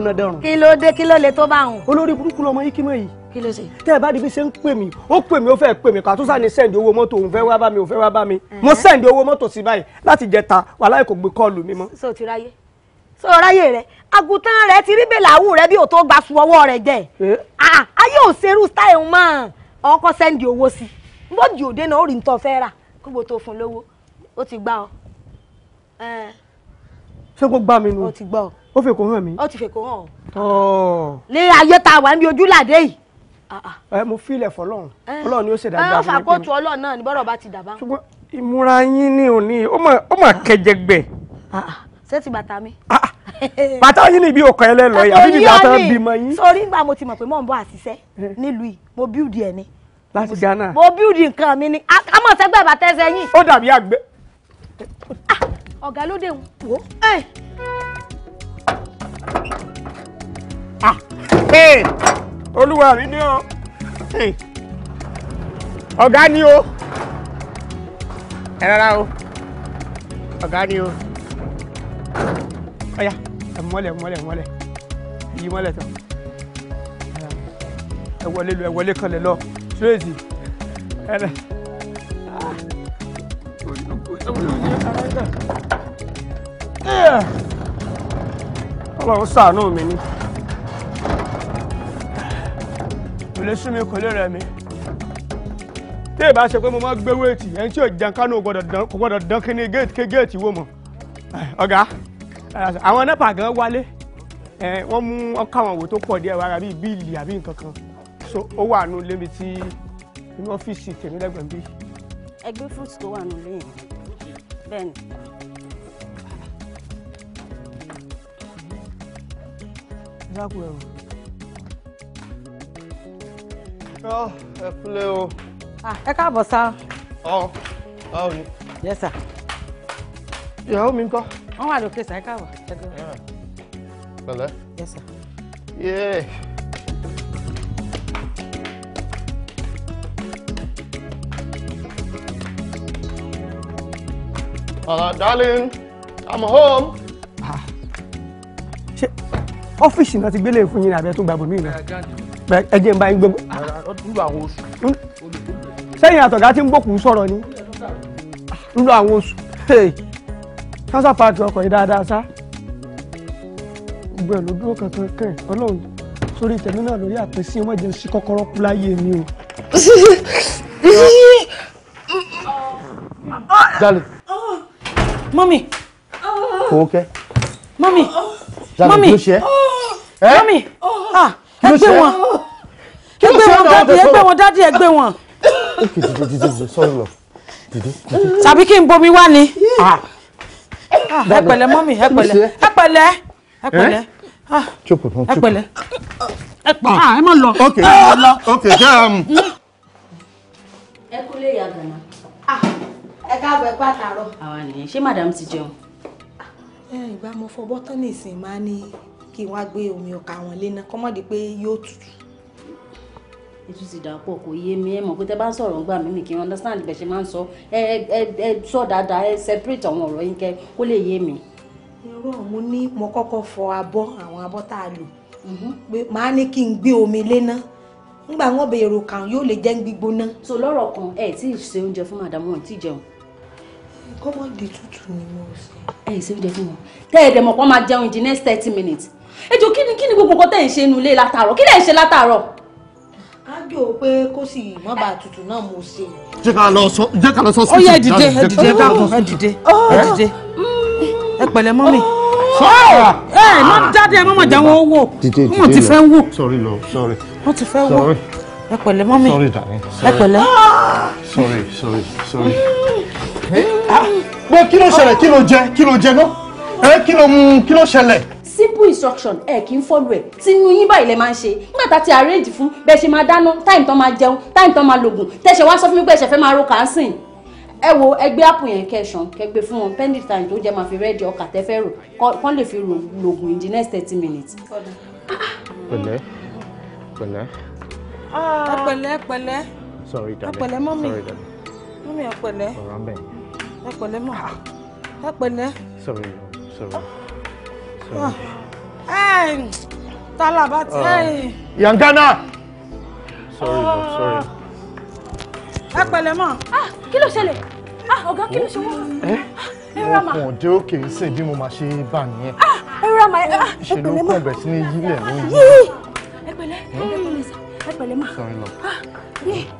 jóná dẹrùn. kí ló dé kí ló lè tó bá wọn. olórí burúkú lọmọ yìí kí mọ̀ yìí. kí ló ṣe. tẹ́ ẹ bá di bí ṣe ń pè mí ó pè mí ó fẹ́ pè mí kàtúnṣà ni sẹ́ǹdì owó mọ́tò òun fẹ́ wá bá mi òun fẹ́ wá bá mi mo sẹ́ǹdì owó mọ́tò sí báyìí láti jẹta wàhálà kò gbé kọ́ọ̀lù mi mọ́. so ti ráyè so ráyè rẹ àgùntàn rẹ ti rí bèlàwù rẹ bí o tó gbaṣu ọwọ́ rẹ jẹ eh? ayé ò ṣerú style mọ́ ọkọ sẹ́ǹdì owó sí bọ́ọ̀dì òde náà ṣé kò gbá mi nù. ó ti gbá ó fèkó hàn mí. ó ti fèkó hàn o. ní ayé tá a wà níbi ojúlàdé yìí. Ah, ah. ẹ mo filẹ̀ fọlọ́run eh. ọlọ́run ni ó ṣe dáadáa ah, fún mi. ẹ fàkóòtù ọlọ́run náà ni bọ́rọ̀ bá ti dàbá. ṣùgbọ́n ìmúra yín ni òní ó mà kẹjẹgbẹ. ṣé ti bàtà mi. bàtà yín ni ibi ọkọ ẹlẹ́lọ yìí àbí bíbá tó ń bímọ yín. sórí ńgbà mo ti mọ̀ pé mò ń bọ̀ àṣìṣe eh. nílùú mo bíúdì ẹ̀ ni. láti Ghana. mo bíúdì nǹkan mi ni àmọ̀ sẹ́gbẹ̀ẹ́ bàtà ẹsẹ̀ yín. ó dàbí àgbẹ̀. ọ̀gá ló dé wò eh. Ah, olúwa mi ní Hey, ọ̀gá ni o ẹ rárá o ọ̀gá ni o ọ̀yà ẹ mọ́lẹ̀ mọ́lẹ̀ mọ́lẹ̀ yí mọ́lẹ̀ tán ẹ wọlé lọ ẹ wọlé kanlẹ̀ lọ tírèzì ẹ rẹ. Yeah. Ọlọ́run ṣàánú mi ni kò lè sún mi kò lè rẹ̀ mi tí èèbá ṣe pé mo máa gbé wéètì ẹni tí ò jẹun kánú kò gbọ́dọ̀ dán kí ni géètì kí géètì wò mọ́ ọ̀gá àwọn nẹ́pà gan wálé wọ́n mú ọkọ̀ àwọn òwò tó pọ̀ díẹ̀ wára bíi bíìlì àbí nǹkan kan so ó wà nù lébi tí inú ọ́fíìsì tèmi lẹ́gbẹ̀ẹ́ bí. ẹgbẹ́ fruit tó wà nù lẹ́yìn bẹ́ẹ̀ ni. dákun ẹrù. ẹ kúlẹ̀ o. ẹ káàbọ̀ sá. ọ báwo ni. yẹ sà. ìyàwó mi ń kọ́. wọ́n wà lókè sá ẹ káàbọ̀. Ah, pẹ̀lẹ́. yẹ darling, I'm home ọ́fíìsì náà ti gbélé fún yín àbẹ tó gba bòmí lọ ẹ jẹ́ n bá yín gbé. sẹ́yìn àtọ̀gá tí ń bòkù sọ̀rọ̀ ni nínú àwọn oṣù kánsá pàtó ọkọ̀ yìí dáadáa sá gbogbo ẹ̀ ló dúró kankan kàn ọlọ́run sórí tẹ̀mí náà lórí àpèsí wọ́n jẹ́ sí kọ́kọ́rọ́ kú láyé mi o. jalè. mọ́mì. kò kẹ́. mọ́mì mọ́mì mọ́mì oh, eh? ah, ẹ gbé wọn ẹ gbé wọn dádì ẹ gbé wọn dádì ẹ gbé wọn. tàbí kí n bomi wá ni ah. Ah, ẹ pẹ̀lẹ́ mọ́mì ẹ pẹ̀lẹ́ ẹ pẹ̀lẹ́ eh? ẹ pẹ̀lẹ́ ẹ pẹ̀lẹ́ ẹ pa ẹ má lọ. ok ok jẹ́ àmú. Um, ẹ kúlé ìyá gànà ẹ káàbọ̀ ẹ pàtàrọ̀. àwa nìyẹn ṣé madam ti jẹun. ìgbà mo fọ bọ́tán nìsín máa ní kí wọ́n gbé omi ọkà wọn léna kọ́mọ́dé pé yóò tutù. ètò ti dà pọ̀ kò yé mi ẹ mọ̀ bá ń sọ̀rọ̀ ńgbà mímì n understand bẹ̀ ṣe máa sọ ẹ ẹ ẹ sọ separate àwọn ọ̀rọ̀ yín kó lè yé mi. fọ abọ́ àwọn abọ́ tá lò mhm. pé ní kí n gbé omi léna ńgbà wọn bèrò kàn yóò lè jẹ́ gbígbóná. so lọ́rọ̀ kan ẹ̀ tí ì fún màdàmú ẹ̀ tí kọ́mọ di tútù ni mo ṣe. ẹ ẹ ṣèwé jẹ fún wọn tẹ ẹ dẹmọ pọ máa jẹun in the next thirty minutes ejò kí ni kí ni gbogbo nǹkan tẹ ẹ ń ṣe nu ilé látàárọ̀ kí lẹ ń ṣe látàárọ̀. ájò pé kó sì mọ́ bá tutù náà mo ṣe. jẹ́ ká lọ sọ jẹ́ ká lọ sọ sí ti dáná dìde ẹ dìde ẹ dìde oh. ẹ dìde ẹ pẹ̀lẹ́ mọ́mì sọ́ọ̀rà ẹ má jáde ẹ má má jáwọ́ owó wọ́n ti fẹ́ wò wọ́n ti fẹ́ wò ẹ pẹ̀lẹ́ mọ́mì ẹ pẹ̀lẹ́. sorry sorry sorry bó eh, ah, kí ló ṣẹlẹ̀ kí ló jẹ kí ló jẹ náà eh, kí ló mu kí ló ṣẹlẹ̀. simple instruction ẹ kì í follow ẹ tinú yín báyìí lẹ máa ń ṣe nígbà tá a ti arrange fún bẹ́ẹ̀ ṣe máa dáná time tán máa jẹun time tán máa lògùn tẹ̀sẹ̀ wá sọ fún mi pé ẹ̀ṣẹ̀ fẹ́ máa ro kàánsìn ẹ wo ẹgbẹ́ àpò yẹn kẹsàn kẹgbẹ́ fún wọn pending time tó jẹ́ máa fi rẹ́ẹ̀dì ọkà tẹ́fẹ́ rò kán lè fi lògùn in the next thirty minutes. pẹ̀lẹ́ pẹ̀lẹ́. Ah. pẹ̀lẹ́ pẹ̀lẹ́. sorry darling pẹ̀lẹ́ mọ́mì mọ́mì pẹ̀lẹ́. ọ̀rọ̀ ń bẹ̀yìn ẹ pẹ̀lẹ́ mọ̀ ẹ pẹ̀lẹ́. sorry sorry ah. sorry. Ah. tálàbà tí. Ah. yangana. sorry sorry. ẹ pẹ̀lẹ́ mọ̀. kí ló ṣẹlẹ̀ ọ̀gá kí ló ṣe wọ́n. ẹ rà mà. wọn dé òkè ń sìn bí mo máa ṣe bá nìyẹn. ẹ rà mà ẹ pẹ̀lẹ́ mọ̀. ìṣèlú sí ní yílẹ̀ ló ń ẹ pẹ̀lẹ́ ẹ pẹ̀lẹ́ sà ẹ pẹ̀lẹ́ mọ̀. sorry lọ.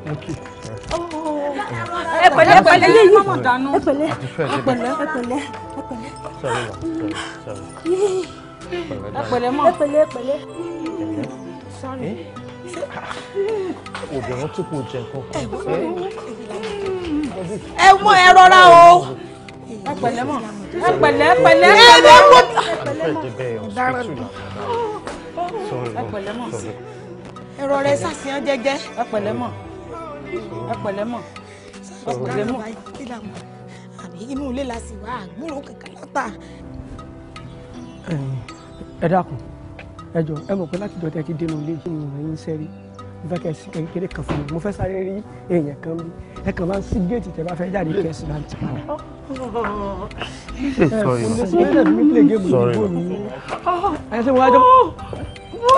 thank you pẹ̀lẹ́ ẹ pẹ̀lẹ́ yé yé ẹ pẹ̀lẹ́ ẹ pẹ̀lẹ́ ẹ pẹ̀lẹ́ ẹ pẹ̀lẹ́ ẹ pẹ̀lẹ́ mọ ẹ pẹ̀lẹ́ ẹ pẹ̀lẹ́ sorry. Eh? obìnrin tí kò jẹ nǹkan kan ẹ mọ ẹ rọra o ẹ mọ ẹ pẹ̀lẹ́ pẹ̀lẹ́ ẹ mọ ọ̀daràn mọ ẹ rọra ẹ sàṣeyàn jẹ́jẹ́ ẹ mọ ẹ mọ ọ̀rẹ́ mọ̀ àbí inú ilé la sì wá àgbúrò kankan látà. ẹ dákun ẹ jọ ẹ mọ̀ pé láti dọ̀tẹ́ ti dénú ilé yìí nìyẹn ń sẹ́rí mo fẹ́ kẹ́ sí kékeré kan fún mi mo fẹ́ sáré rí èèyàn kan bí ẹ kàn máa ń sí géètì tẹ bá fẹ́ jáde kẹ́ sí láti padà. sorry sorry ẹ ṣe wọ́n á jọ.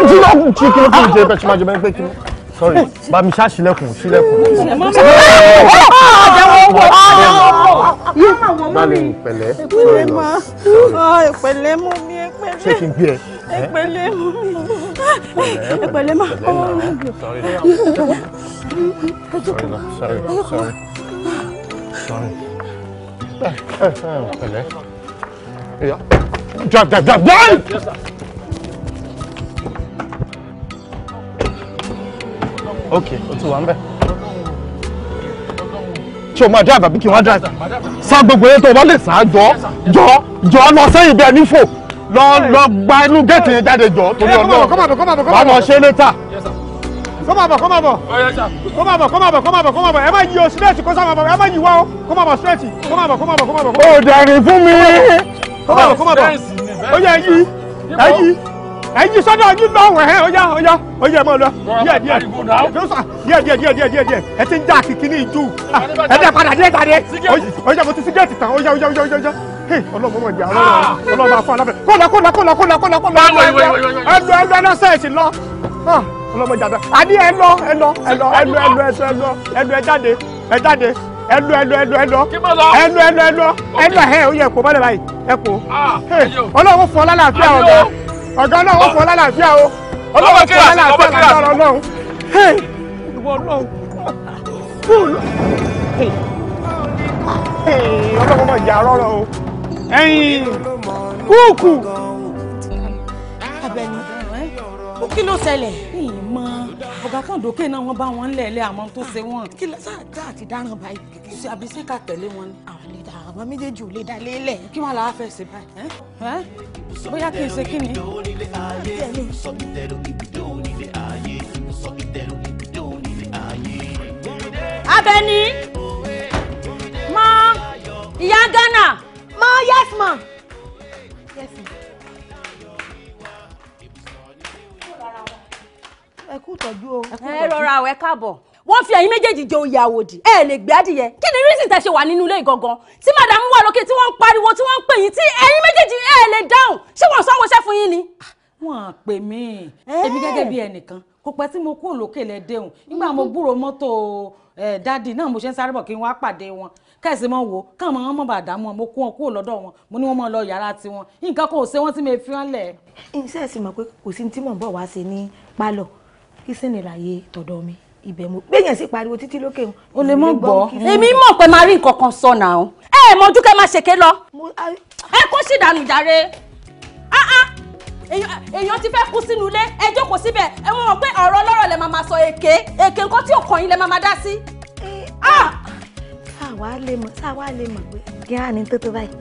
jí máa ń jí kí ló fi jẹ bẹ́ẹ̀ ṣe máa jẹ bẹ́ẹ̀ pé kí ló sorry bami ṣá ṣílẹ̀kùn ṣílẹ̀kùn. bami ah, ah, pẹ̀lẹ́ sorry lọ. Ah, pẹ̀lẹ́ mú mi pẹ̀lẹ́. ṣé kí n gbé ẹ. pẹ̀lẹ́ mú mi pẹ̀lẹ́ oh, sorry lọ sorry sorry sorry sorry. pẹ̀lẹ́. Yeah. Drop, drop, drop, drop! Yes, sir. ok o ti wà ń bẹ̀. ṣé o máa drive àbí kí n wá drive sá gbogbo yẹn tó o bá lè sá jọ jọ jọ lọ sẹ́yìn bí ẹni fò lọ lọ gba inú géètì yẹn jáde jọ torí ọlọ́run wàá lọ ṣe létà kọ́mọ̀ bọ̀ kọ́mọ̀ bọ̀ kọ́mọ̀ bọ̀ kọ́mọ̀ bọ̀ kọ́mọ̀ bọ̀ kọ́mọ̀ bọ̀ ẹ má yí o sílẹ̀tì kó sábà bọ̀ ẹ má yí wá o kọ́mọ̀ bọ̀ sílẹ̀tì kọ́mọ̀ bọ̀ kọ́mọ̀ bọ̀ kọ́mọ̀ bọ̀. o dàrí fún mi. kọ́mọ̀ bọ̀ kọ́mọ̀ bọ̀ ó yẹ yí ẹ yí ẹyin sọ́dọ̀ yín lọ wẹ̀ ẹ́ ọ̀yá ọ̀yá ọ̀yá ẹ̀ mọ̀ lọ díẹ̀ díẹ̀ díẹ̀ díẹ̀ díẹ̀ díẹ̀ díẹ̀ díẹ̀ ẹ ti ń já kìkìnní ìjú ẹ dẹ́ padà díẹ̀ tàdé ọ̀yá mo ti sígẹ́ẹ̀tì tán ọ̀yá ọ̀yá ọ̀yá ọ̀yá ọlọ́mọ ìjà ọlọ́mọ afọ alábẹ́ kọ́lá kọ́lá kọ́lá kọ́lá kọ́lá kọ́lá ẹlọ ẹlọ ẹlọ sẹ́ẹ̀sì lọ ọlọ́mọ ìjà àdí ẹlọ ẹlọ ẹlọ ẹlọ ẹlọ ẹlọ ẹlọ ẹ jáde ẹ jáde ẹlọ ẹlọ ẹlọ ẹlọ ẹlọ ẹlọ ẹlọ ẹlọ ẹ ó yẹ ẹ̀pọ̀ bá lè báyìí ẹ̀pọ̀ ọlọ́run fún ọ lálàáfíà ọ̀gá ọ̀gá náà wọ́n fọ́ lálàáfíà o ọlọ́wọ́ fọ́ lálàáfíà lágbára ọlọ́run ìwọ ọlọ́run ọlọ́run náà yà rọ́rọ́ o ẹ̀yìn kúùkù. abẹnú kí ló ṣẹlẹ̀ ọba kan dòkè náà wọn bá wọn lẹẹlẹ àmọ́ tó ṣe wọn. kí ló sá tá àti dáràn báyìí. kì í àbí ṣé ká tẹ̀lé wọn ni. àwọn lè dà àwọn méjèèjì ò lè dá lélẹ̀. kí wọn làá fẹ́ báyìí. bóyá kì í ṣe kí ni. sọ mọ ìyá Ghana mọ yes ma'am. ẹ kú tọ́jú o. ẹ rọra o ẹ káàbọ̀ wọ́n fi ẹ̀yin méjèèjì jẹ oyè àwòdì ẹ lè gbé adìyẹ kí ni reason tẹ ṣe wà nínú ilé ìgangan tí madam wà lókè tí wọ́n ń pariwo tí wọ́n ń pè yín tí ẹ̀yin méjèèjì ẹ lè dáhùn ṣé wọ́n sanwó iṣẹ́ fún yín ni. Ah, wọn à pè mí èmi gẹ́gẹ́ bí ẹnìkan kò pẹ́ tí mo kúrò lókè lẹ́dẹ̀hùn nígbà mo mm-hmm. gbúrò mọ́tò dádì náà mo ṣe ń sáré bọ̀ kí n wá pàdé wọn kẹ́sì mọ́ wò káwọn máa ń mọ̀ bàdá mọ́ mo kó wọn kúrò lọ́dọ̀ wọn mo ní wọ́n mọ̀ lọ yàrá tiwọn nǹkan kò ṣe wọ́n tí mi fi wọ́n lẹ̀. iṣẹ́ ìsìn mọ̀ pé kò sí ní tí mò ń bọ̀ wá ṣe ní pálọ̀ kísìnì láyé tọ̀dọ̀ mi ibẹ̀ mo gbẹ̀yàn sí pariwo títí lókè o. o lè mọ gbọ́ èmi mọ̀ pé máa rí nǹkan kan sọ náà o. ẹ ẹ mọjú kẹ máa ṣèké lọ ẹ kó sì dànù jàre èèyàn ah, ah. ti fẹ́ kú sínú ilé ẹ jókòó síbẹ̀ ẹ mọ̀ pé ọ̀rọ̀ ọlọ́rọ̀ lẹ máa sọ èké èké nǹkan tí òkàn yín lẹ máa dá sí. sáà eh, ah! wàá lè mọ̀ sáà wàá lè mọ̀ pé kí á ní tó tó báyìí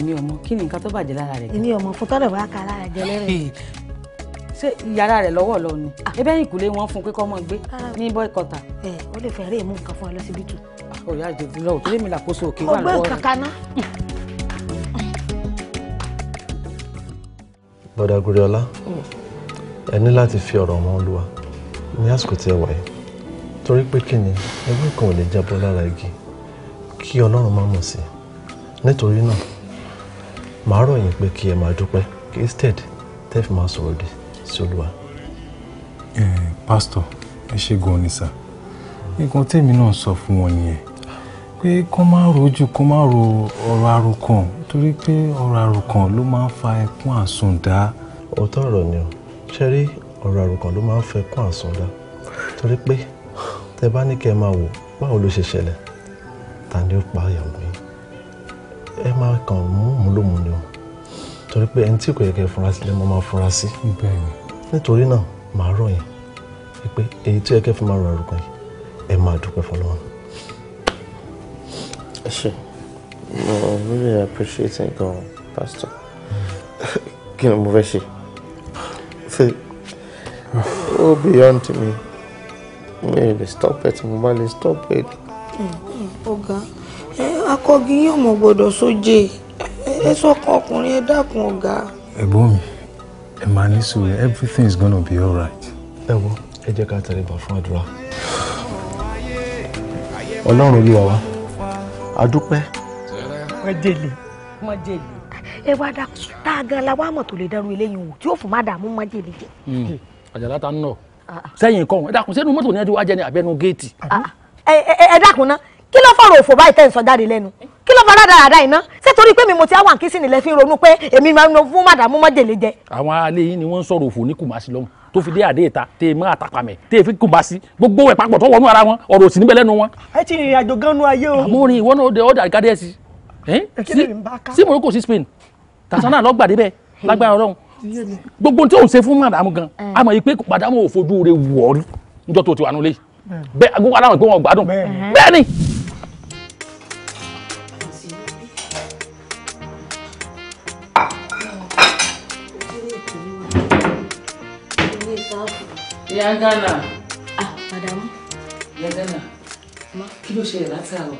èmi ọmọ kí ni nǹkan tó bàjẹ́ lára rẹ̀. èmi ọmọ fún tọ́lọ̀ wá ká lára jẹ ṣé yàrá rẹ̀ lọ́wọ́ lọ ni ah. ebe ìkúlé wọn fún pé kọ́ mọ́ gbé ah. ní bọ́ìkọ́tà. ẹ ó lè fẹ́ rí èmú nǹkan fún ọ lọ́sibítù. ọ̀yà ìdèbí lọ́wọ́ torí mi làkóso òkè wà lọ́wọ́ rẹ̀. ọgbẹ́ kankaná. bọ́dà guriola ẹ ní láti fi ọ̀rọ̀ wọn lúwa ní àsìkò tí ẹ wà yìí torí pé kí ni ewé kan ò lè jábọ́ lára igi kí ọlọ́run má mọ̀ sí nítorí náà màá rọ̀ yín pé kí ẹ máa dúpẹ́ kí instead tẹ́ máa sọ̀rọ̀ dé sólùwà. Eh, ẹ pásítọ̀ ẹ ṣe gan ni sà nǹkan tèmi náà sọ fún wọn nìyẹn pé kó má rojú kó má ro ọ̀rọ̀ àròkàn torí pé ọ̀rọ̀ àròkàn ló máa ń fa ẹkún àsundá. òótọ́ ọ̀rọ̀ ni o ṣe rí ọ̀rọ̀ àròkàn ló máa ń fa ẹkún àsundá torí pé tẹ bá ní kẹ́ ẹ máa wò báwo ló ṣe ṣẹlẹ̀ ta ni ó pa ìyàwó yìí ẹ máa kàn mú mú ni o torí pé ẹni tí kò yẹ kẹ́ ẹ fura sí lẹ́ mọ́ máa fura sí. bẹ́ẹ̀ ni nítorí náà màá rọ̀ yín pé èyí tí ẹ kẹ́ fi máa rọ àrùkọ yìí ẹ máa dúpẹ́ fọlọ́run. ẹ ṣe mo really appreciate it gan pastor kí ni mo fẹ́ ṣe ṣe ó beyond me mo lè stop it mo bá lè stop it. ọ̀gá akọgi yóò mọ̀ gbọ́dọ̀ sóje ẹ sọ́kàn ọkùnrin ẹ dákun ọ̀gá. ẹ̀gbọ́n mi ẹ máa everything is gonna be alright. ẹ wo ẹ jẹ́ ká tẹríba fún àdúrà. ọlọ́run olúwa wa a dúpẹ́. májèlé májèlé ẹ wá dá tá a gan la wá mọ̀ tó lè dẹrù eléyìí wò tí yóò fún má dààmú májèlé jẹ. Hmm, àjàlá ta ń nọ ah, ah. sẹ́yìn kọ́hún ẹ dákun sẹ́nu mọ́tò ní ẹ ti wá jẹ ní abẹ́nu géètì. Ah, ẹ dákun ná kí ló fọ̀rọ̀ òfò báyìí tẹ́ ń sọ jáde lẹ́nu kí ló fara dáradára iná ṣé torí pé mi mo ti àwọn àkínsìn nílẹ̀ fi ronú pé èmi máa ń lọ fún màdàmú mọ́jèlé jẹ. àwọn alẹ́ yìí ni wọ́n ń sọ̀rọ̀ òfò ní kùmásí lọ́hùn tó fi dé àdé ìta tẹ ẹ mọ àtàpàmẹ tẹ ẹ fi Kumasi gbogbo ẹ papọ̀ tó wọnú ara wọn ọ̀rọ̀ òsì níbẹ̀ lẹ́nu wọn. ẹ ti rìnrìn àjò gan nu ayé o. àmúrin ìwọ náà ọdẹ ọdẹ àgádẹ sí sí Morocco sí Spain Tanzania lọgbàdé bẹ́ẹ̀ lágbára Ọlọ́run gbogbo tí òun ṣe fún màdàmú gan àmọ́ ìpè màdàmú òfojú rẹ wọ níjọ́ tó ti wà nulẹ bẹ́ẹ̀ gbogbo aláwọn ìpè wọn gbádùn bẹ́ẹ̀ ni. ìyá gánà. ah madamu. ìyá gánà kí ló ṣẹlẹ̀ látàárọ̀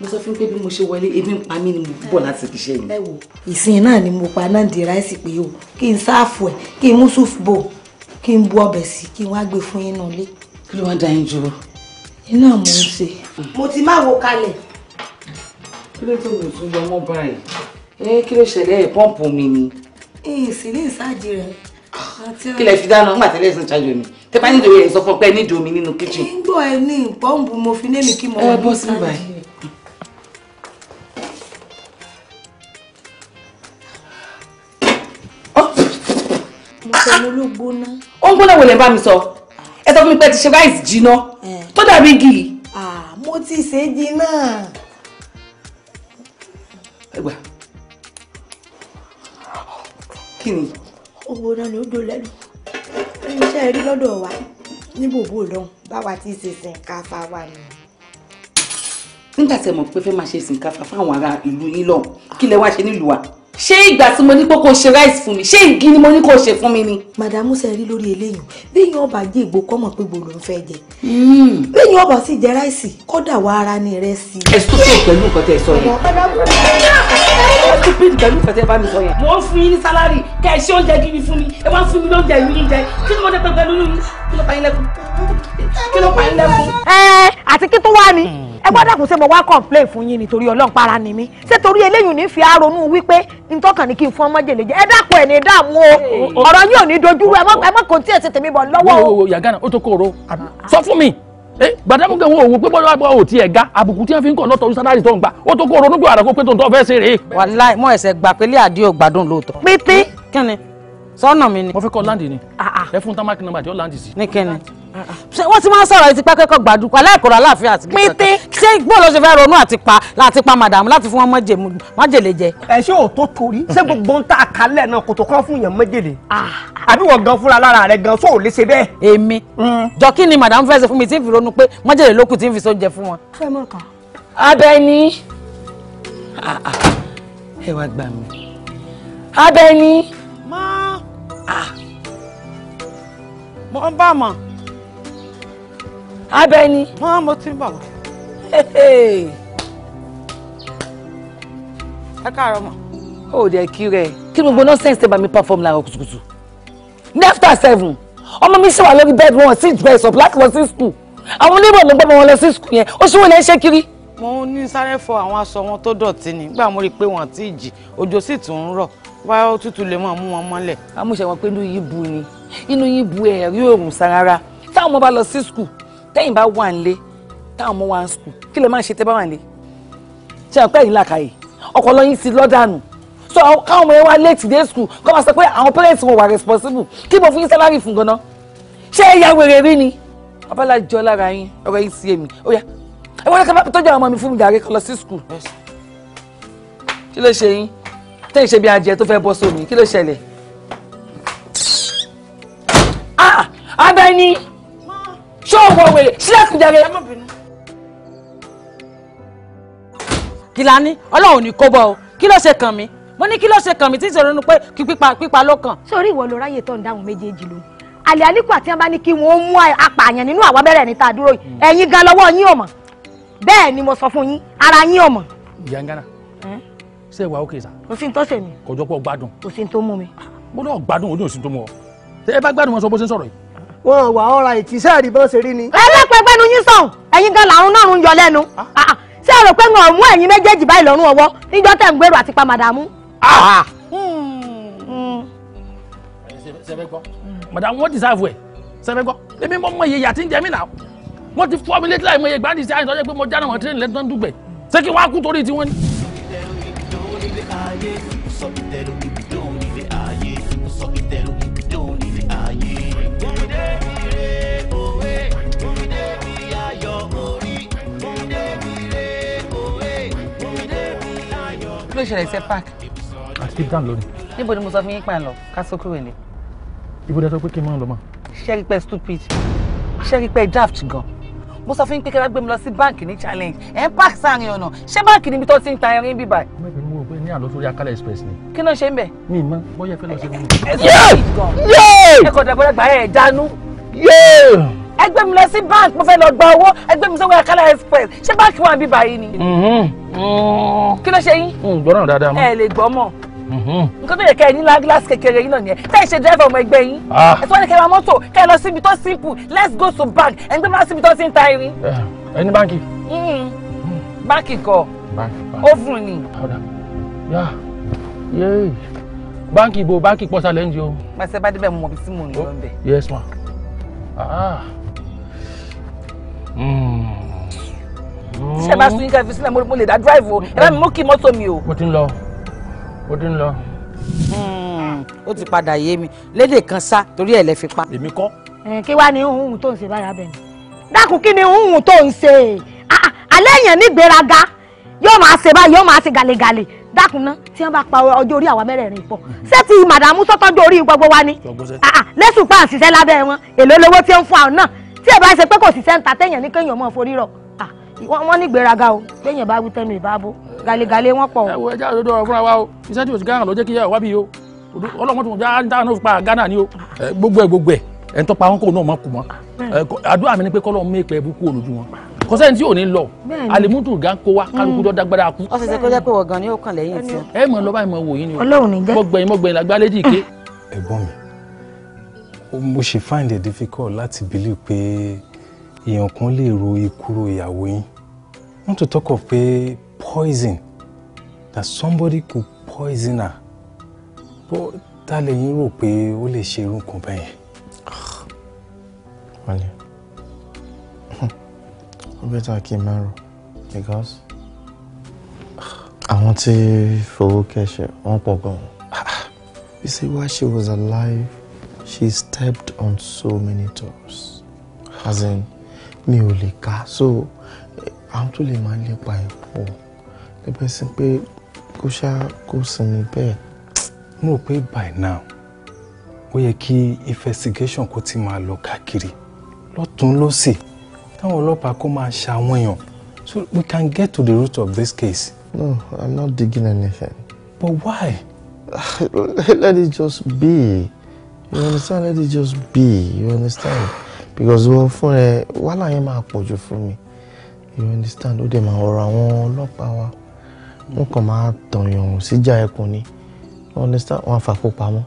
mo sọ fún pé bí mo ṣe wọlé ebi ń pa mí ni mo bọ̀ láti fi ṣe yìí. ẹ wo ìsìn náà ni mo pa náà di ráìsì pé o kí n sáàfù ẹ kí n mú súfbò kí n bu ọbẹ̀ sí kí n wá gbé fún yín nulẹ̀. kí ló wá da yín dúró. iná mo ń ṣe. Mm. mo ti máa wo kalẹ̀. kí ló tó lò tún yọ ọmọ báyìí ẹ eh, kí ló ṣẹlẹ̀ ẹ pọ́ǹpù mi ni. ìsìn ní ìsáàjì rẹ̀. Ah, kí lẹ fi dáná nígbà tẹ́lẹ̀ sùn ṣáájú mi tẹ bá nídìí rẹ̀ sọ fún ọ pé nídìí omi nínú kitchen. ń gbọ́ ẹ ní pọ́ǹbù mo fi lémi kí mo. ẹ bọ́ sí báyìí. mo sọ mo ló gbóná. ó ń gbóná wo lè bá mi sọ ẹ sọ fún mi pé ti ṣe rice jiná eh. tó dàbí igi. mo ti ṣe jiná. kí ni. owó náà ni ó dò lẹ́nu iṣẹ́ rí lọ́dọ̀ wa ní bòbó lọ́hùn báwa ti ṣe sìnkáfá wa ni. nígbà tí ẹ mọ̀ pé fẹ́ máa ṣe sìnkáfá fáwọn ará ìlú yín lọ́hùn kí lẹ wá ṣe nílùú wa ṣé ìgbà tí mo ní pé kò ṣe ráìsì fún mi ṣé ìgí ni mo ní kò ṣe fún mi ni. màdàmú ṣe rí lórí eléyìí béèyàn ọba jẹ ìgbó kọ́mọ̀ pé gbòòlò ń fẹ́ jẹ hmm. béèyàn ọba sì jẹ ráìsì kódà wà ara ní rẹ sí. ẹ sọ́kè wọ́n ti bíìlì pẹ̀lú ìfẹ̀sẹ̀ bá mi sọ yẹn. mo ń fún yín ní sálárì kẹ́ ẹ ṣe oúnjẹ gidi fún mi ẹ wá ń fún mi lóúnjẹ yìí lóúnjẹ kí ni mo dẹ́pẹ́ pẹ̀lú yín kí ló pa yín lẹ́kùn kí ló pa yín lẹ́kùn. ẹ àti kí tó wá ni ẹ gbọ́dọ̀ kún sí mo wá complain fún yín nítorí ọlọ́run para ni mí ṣé torí eléyìí ní fi àrònú wípé ntọ́kàn ni kí n fún ọmọ jèlè jẹ ẹ dákun ẹ̀ ní dààmú o ọ̀rọ̀ yóò ní dojú ẹ mọ́ kò tí ì ṣe tèmi bọ̀ lọ́wọ́ o. yàgànà ó tó kóró sọ fún mi Eh, gbàdámù gan wo pé bọ́dọ̀ àgbà ò tiẹ̀ ga àbùkù tí wọ́n fi ń kọ̀ lọ́tọ̀ọ́jú sádárì tó ń gbà ó tó kó ronú gbàdá kó pé tó ń tọ́ fẹ́ ṣe rèé. wàláì mọ ẹsẹ gbà pé léàdí ò gbádùn lóòótọ́. pípín kí ni sọ́nà mi ni. mo fẹ́ kọ́ láǹdì ni ah, ah. ẹ fún támákì nọmba àti ọ́ láǹdì sí. ní kí ni ṣé wọ́n ti máa ń sọ̀rọ̀ yìí ti pẹ́ kẹ́kọ̀ọ́ gbàdúgbò aláìkọ̀rọ̀ aláàfin àti gbẹ̀tẹ̀ ṣé gbọ́dọ̀ ṣe fẹ́ ronú àti pa láti pa màdàmú láti fún wọn májèlé jẹ. ẹ ṣé ò tó torí ṣé gbogbo ń tà kálẹ̀ náà kò tó kọ́ fún yàn májèlé ah. àbí wọ́n gan fúnra lára rẹ̀ gan sóò lè ṣe bẹ́ẹ̀. èmi hmm. jọ kí ni màdàmú fẹ́ ṣe fún mi tí ń fi ronú pé májèlé lókù tí ń fi sóúnjẹ fún wọn. Abẹ́ni ah, ah. ẹ wá gbà mí Abẹ́ni. mọ́ mọ́ bá mọ̀. Abẹ́ni. wọ́n ah, mo ti ń bọ̀ wọ́n. ẹ káàárọ̀ mọ̀. ó dẹ̀ kí rẹ̀ kí gbogbo nọ́sẹ̀nsì tẹ́ bá mi perform láàárọ̀ kùtùkùtù ní after seven ọmọ mi ṣe wà lórí bed wọn sí dress up láti lọ sí school àwọn onímọ̀ ló gbọ́mọ wọn lọ sí school yẹn ó ṣe wọ́n lẹ́ ṣe kiri. mo ní sáré fọ àwọn aṣọ wọn tó dọ̀tí ni nígbà mo rí i pé wọn ti jì òjò sì tún ń rọ̀ wáyà òtútù lè máa mú wọn mọ́lẹ̀. amúṣe wọn pé inú yìí bu ni inú yìí bu ẹ̀rí òrùn sára táwọn ọmọ bá lọ sí school tẹ́yìn bá wà nílé táwọn ọmọ wa ń sùkùl kí lè má ṣe tẹ́ bá wà nílé ṣe àwọn pẹ́yìn làkàyè ọkọ̀ lọ́yìn sí lọ́dànù so káwọn ọmọ yẹn wá late day school kọ́ máa sọ pé àwọn parents wọn wà responsible kí mo fún yín salary fún ganan ṣé ẹ̀yà wèrè rí ni ọbálàjọ lára yín ọ̀rọ̀ yìí sí èmi ó yá ẹ wọ́n lọ́kàn tọ́jú àwọn ọmọ mi fún mi dàrí kọ́ lọ sí school kí ló ṣe yín tẹ́ ìṣe bí ajẹ́ tó fẹ́ bọ́ sómi kí ló ṣẹlẹ̀ ah abẹ́ni ṣé o wọ wèrè sílẹ̀kùn jẹrẹ. Gìlání ọlọ́run ní kó bọ́ o kí ló ṣe kàn mí mo ní kí ló ṣe kàn mí tí ìṣòro nu pé kí pípa pípa ló kàn. sórí ìwọ ló ráyè tó ń dáhùn méjèèjì ló àlè àlíkù àti ẹnba ní kí wọn ó mú apààyàn nínú àwa bẹ̀rẹ̀ níta dúró yìí hmm. ẹ̀yin gan lọ́wọ́ yín ò mọ̀ bẹ́ẹ̀ ni mo sọ fún yín ara yín ò mọ̀. ìyá ń gánà ṣé ìwà òkè sá. kò sí ní tó ṣe kò jọ pé o gbádùn. kò sí ní tó mú mi. mo náà gbádùn ojú òsì wọn wà ọ̀ra ìtìsẹ́ àdìbọn ṣe rí ni. ẹlẹ́pẹ̀pẹ́ nu yín sàn ẹ̀yin gan làrún náà ń yọ lẹ́nu ah. Ah, ah. ṣé ẹ rò pé wọn ò mú ẹ̀yin méjèèjì báyìí lọ́rùn ọwọ́ níjọ́ tẹ̀ ń gbèrò àti pa màdàmú. Hmm. Hmm. màdàmú wọ́n ti sáàfù ẹ̀ sẹ́fẹ́ gbọ́ èmi mọ́ mọ iye ìyá tí ń jẹ mí náà wọ́n ti fọ́ mi létí láì mọ iye gbáàdì sí àyìntọ́jẹ́ pé mo jáde àwọn tírẹ̀nì lẹ́tọ́ ń dùgbẹ̀ ṣé kí wọ́n á kú torí tiwọn ni. ló ṣẹlẹ̀ sí park. a skip down lónìí. níbo ni mo sọ fún yín pa ẹ lọ ká sọ kúrò ní. ibo dẹ́sọ pé kí n máa lọ mọ́. ṣẹ́rí pẹ́ stupid ṣẹ́rí pẹ́ draft gan. mo sọ fún yín pé kẹ́rẹ́ gbé mi lọ sí báǹkì ní challenge ẹ̀ ń park sáàrin ọ̀nà ṣé báǹkì níbi tó ti ń ta ẹrin bíbà. mẹ́bí mo gbé ní àlọ́ sórí Akala Express ni. kí ló ṣe ń bẹ̀. mi mọ bóyá ẹ gbé mi lọ sí bank mo fẹ́ lọ gba owó ẹ gbé mi sọ́wọ́ Akala express ṣé bank wà bí báyìí ni. Mm-hmm. kí ló ṣe yín. gbọ́dọ̀ dáadáa mọ́. ẹ lè gbọ́ mọ́ mm-hmm. nǹkan tó yẹ kẹ́ ẹ ní lágílásì kékeré yìí náà nìyẹn tẹ́ ẹ ṣe dẹ́rẹ́fà ọmọ ẹgbẹ́ yín ah. ẹ tí wọ́n ní kẹ́ ẹ ra mọ́tò kẹ́ ẹ lọ síbi tó simple let's go to bank ẹ ń gbé mi lọ síbi tó ti ń ta irin. Eh, ẹ ní báńkì. Mm-hmm. báńkì kọ ovun ni. báńkì ibo báńkì pọ́sálẹ̀ ń jẹun. pàṣẹ bá débẹ̀ mọ̀ bí sí mò ń lọ bẹ̀. yes ma. Ah. Hmm. ṣé ẹ bá sun yín ká fi sílẹ̀ mo lè dá drive o ẹ bá mi mú kí mọ́tò mi o. mo ti ń lọ mo ti ń lọ. Hmm. ó ti padà yé mi lédè kan sá torí ẹ̀ lẹ fi pa. èmi kọ́. kí wàá ní òun tó ń ṣe báyà bẹ́ẹ̀ ni dákun kí ni òun tó ń ṣe ah, ah, alẹ́ yẹn ní gbéraga yóò máa ṣe báyìí yóò máa ṣe gàlégàlé dákun ná tí wọn bá pa ọjọ́ orí àwa mẹ́rẹ̀ẹ̀rin pọ̀ ṣé ti màdàmú sọtọjọ orí gbogbo wa ni ah, lẹsùn pa àṣìṣe lábẹ́ wọn èlò lówó tí ń fún àwọn náà tí ẹ bá ṣe pé kò sí sẹ́ńtà téèyàn ní kéèyàn mọ̀ forí rọ̀ wọ́n ní gbéraga o téèyàn bá wí tẹnu ìbábo galegale wọ́n pọ̀. ẹ wo ẹja àdodo ọ̀rọ̀ fúnra wa o iṣẹ́ tí o ti gán lọ jẹ́ kí ẹ wá bí o ọlọ́mọ tó ń já dáhà náà pa Ghana ni o gbogbo ẹ gbogbo ẹ ẹ̀ ń tọ́pa wọn kó náà mọ̀ kù mọ́ àdúrà mi ni pé kọ́lọ́ mi pẹ́ bú kú olójú wọn kọsẹ́ni tí ò ní lọ alimutu gan kó wa kálukú dọ́ mm. dágbára kú. ọ̀sẹ̀ sẹ́kọ́ jẹ́ pé wọ̀gàn ni ó kàn lẹ́yìn tí. ẹ mọ̀ lọ́ba ìmọ̀ wò yín ni o mọ̀gbẹ̀yìn mọ̀gbẹ̀yìn làgbálẹ́jì ké. ẹ̀gbọ́n mo ṣe find it difficult láti believe pé èèyàn kan lè ro ikúrò ìyàwó yín want to talk of pé poison that somebody could poison her but ta lẹ́yìn rò pé ó lè ṣe irú nǹkan bẹ́yẹn. wálé ó bẹ́tà kí n máa rò because àwọn tí fowó kẹ́sẹ̀ wọ́n pọ̀ gan-an you see why she was alive she stepped on so many toes as in mi ò lè kà so àwọn tó lè máa lépa ẹ̀ pọ̀ lẹ́bẹ̀ sí pé kó ṣá kó sinmi bẹ́ẹ̀. mo rò by now ó yẹ kí investigation kó ti máa lọ káàkiri lọ́tún lọ́sì táwọn ọlọ́pàá kó máa ṣàwọn èèyàn so we can get to the root of this case. no i'm not digging anything. but why. let it just be you understand let it just be you understand because wọ́n fún ẹ wàhálà yẹn máa pọ̀ jù fún mi you understand ó dẹ̀ máa ọ̀rọ̀ àwọn ọlọ́pàá wa wọ́n kàn máa tọ̀yàn síjà ẹkùn ni you understand wọ́n á fà kó pamọ́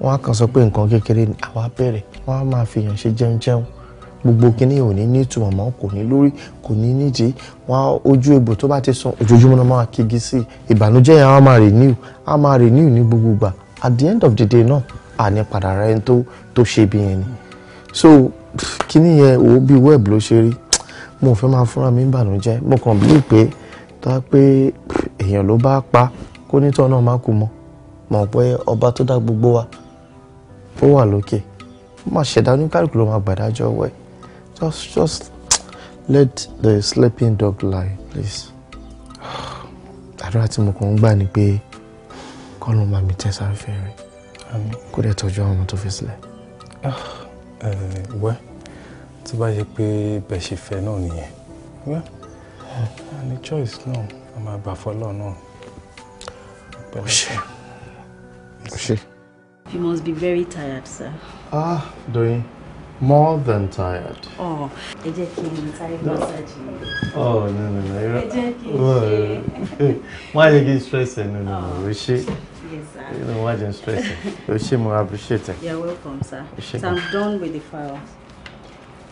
wọ́n á kàn sọ pé nǹkan kékeré ni àwa bẹ̀rẹ̀ wọ́n á máa fìyàn ṣe jẹunjẹun gbogbo kínní ò ní ní ìtumọ̀ mọ́ kò ní lórí kò ní nídìí wọ́n á ojú egbò tó bá ti sàn ojoojúmọ́ náà máa kígi sí ìbànújẹ́ yẹn á máa renew á máa renew ní gbogbo gbà at the end of the day náà. No àní padà tó tó ṣe bí yẹn ni so kíní yẹn òwò bíi wẹ́ẹ̀bù ló ṣe rí mo fẹ́ máa fúnra mi ń bànújẹ́ mo kàn bí pé tó a pé èèyàn ló bá pa kó nítọ́ náà má kú mọ́ mọ̀ pé ọba tó dá gbogbo wa ó wà lókè má ṣẹ̀dá oníkálukú ló máa gbàdájọ́ wẹ̀ just just let the sleeping dog lie please àdúrà tí mo kàn ń gbà ni pé kọ́ ló máa mi tẹ́ sáfẹ́ rẹ̀. Um, kó dẹ̀ tọ́jú àwọn ọmọ tó fi sílẹ̀. Ah, eh, wẹ́ tó bá yẹ pé bẹ́ẹ̀ ṣe fẹ́ náà nìyẹn wẹ́ ní choice náà a máa gbà fọlọ́ náà. ó ṣe ó ṣe. You must be very tired, sir. Ah, Doyin, more than tired. Oh, ẹ jẹ́ kí n sáré massage yìí. Oh, no, no, no. Ẹ jẹ́ kí n ṣe. Má yẹ kí n stress ẹ, no, no, no, ó oh. ṣe. Yes, sir. You know what I'm stressing. Oshimo, I appreciate it. You're welcome, sir. Oshimo. So I'm done with the files.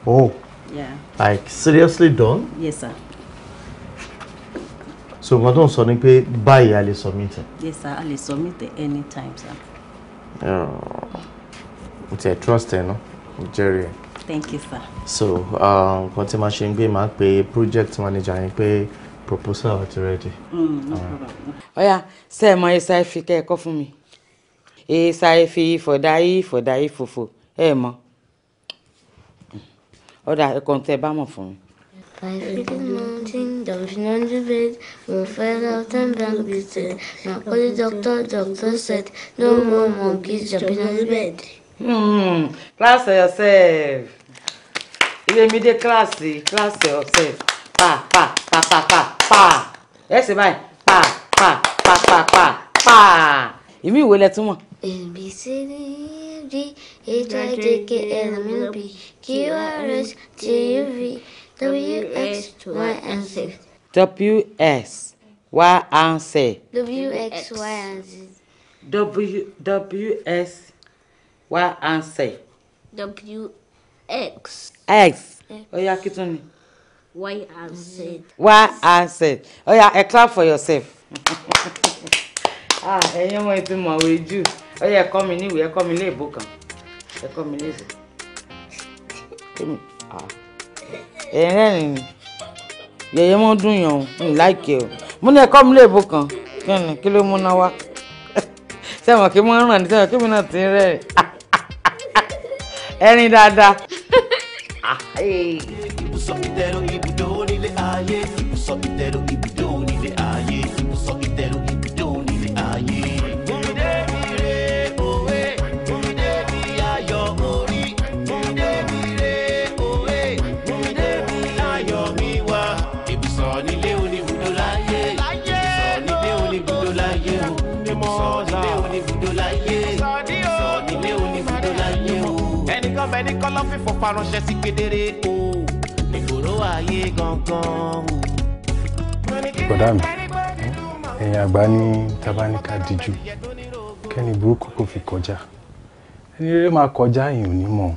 Oh. Yeah. Like seriously done? Yes, sir. So Madam tó ń sọ ni pé submit ẹ. Yes, sir. A lè submit ẹ anytime, sir. Yeah. it's a trust, you know, Jerry. Thank you, sir. So, um, nǹkan tí màá ṣe ń gbé màá project manager yẹn proposal ti ready. ọ̀ya say é mọ ẹ̀sà ìfì kẹ́ẹ̀kọ́ fún mi ẹ̀sà ìfì ìfọ̀dáyé ìfọ̀dáyé fòfò ẹ̀ mọ́ ọ̀dà ẹ̀kọ́ tẹ bá mọ̀ fún mi. My little mountain, don't you know the bed? We'll find out and back this day. Now, all the doctor, doctor said, no more monkeys jumping on the bed. Hmm, class yourself. Ilé mi dé kíláàsì, class yourself. Pa, pa ẹ ṣe báyìí pa pa pa pa pa pa ìmí ìwé lẹ túmọ̀. èmi sì ní rí hijk lmb qrs tuv wx y and z. ws y and z. wx y and z. ws y and z. wx. x. x. ó yá Why I said. Why I said. Oh yeah, a clap for yourself. ah, ẹ̀yin ọmọ ètò ìmọ̀ àwọn Oh yeah, come in mi níwèé, ẹ̀kọ́ mi léèbó kan. Ẹ̀kọ́ mi Come. Kémi, ah. Ẹ̀yin rẹ́rìn ni. Yẹ̀yẹ́ mọ́ dùn yàn o, mi láìkẹ́ o. Mo ní ẹ̀kọ́ mi léèbó kan. Kí ni kí ló múná wá? Sẹ́wọ̀n kí mo ń ràn ní sẹ́wọ̀n kí mi náà ti ń rẹ́rìn. Ẹ̀rín dáadáa. Ibùsọ̀ mi dẹ́rù sọ ìtẹ́rù ibùdó nílé ayé mo sọ ìtẹ́rù ibùdó nílé ayé. omi débi re òwe omi débi ayọ̀ orí omi débi re òwe omi débi ayọ̀ mi wá. ibùsọ̀ nílé oníbùdó láyé ibùsọ̀ nílé oníbùdó láyé o ibùsọ̀ nílé oníbùdó láyé ibùsọ̀ nílé oníbùdó láyé o. ẹnìkan bẹ ní kọ́lọ́fín fọ̀pá ránṣẹ́ sí kedere o nígboro ayé gangan o bọ̀dá mi ẹ̀yin àgbà ní tabaníkà díjú kẹ́ni burúkú kò fi kọjá ẹni rere máa kọjá yìí ò ní mọ̀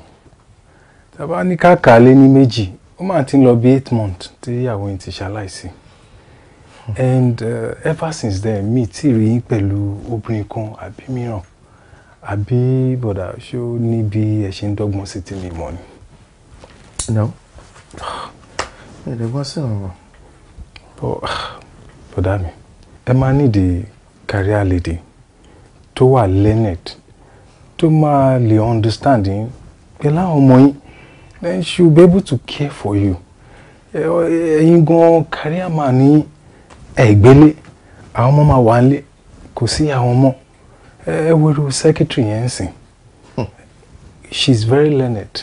tabaníkà kàálé ní méjì ó máa ti ń lọ bí eight months tí ìyàwó yìí ti ṣaláìsí and uh, ever since then mi ti rí yín pẹ̀lú obìnrin kan àbí mìíràn àbí bọ̀dà ṣó níbi ẹ̀ ṣe ń dọ́gbọ́n sí ti mi mọ̀ ni. no mi ò lè gbọ́ sí ọ̀rọ̀. bọ̀dá mi ẹ máa nídìí career lady tó wà learned tó máa lè understand yín pẹ̀lú àwọn ọmọ yín then she will be able to care for you ẹ̀yin gan career man ní ẹ̀gbélé àwọn ọmọ máa wà nílé kò sí àwọn ọmọ ẹ wẹ́rù secretary yẹn ń sìn she is very learned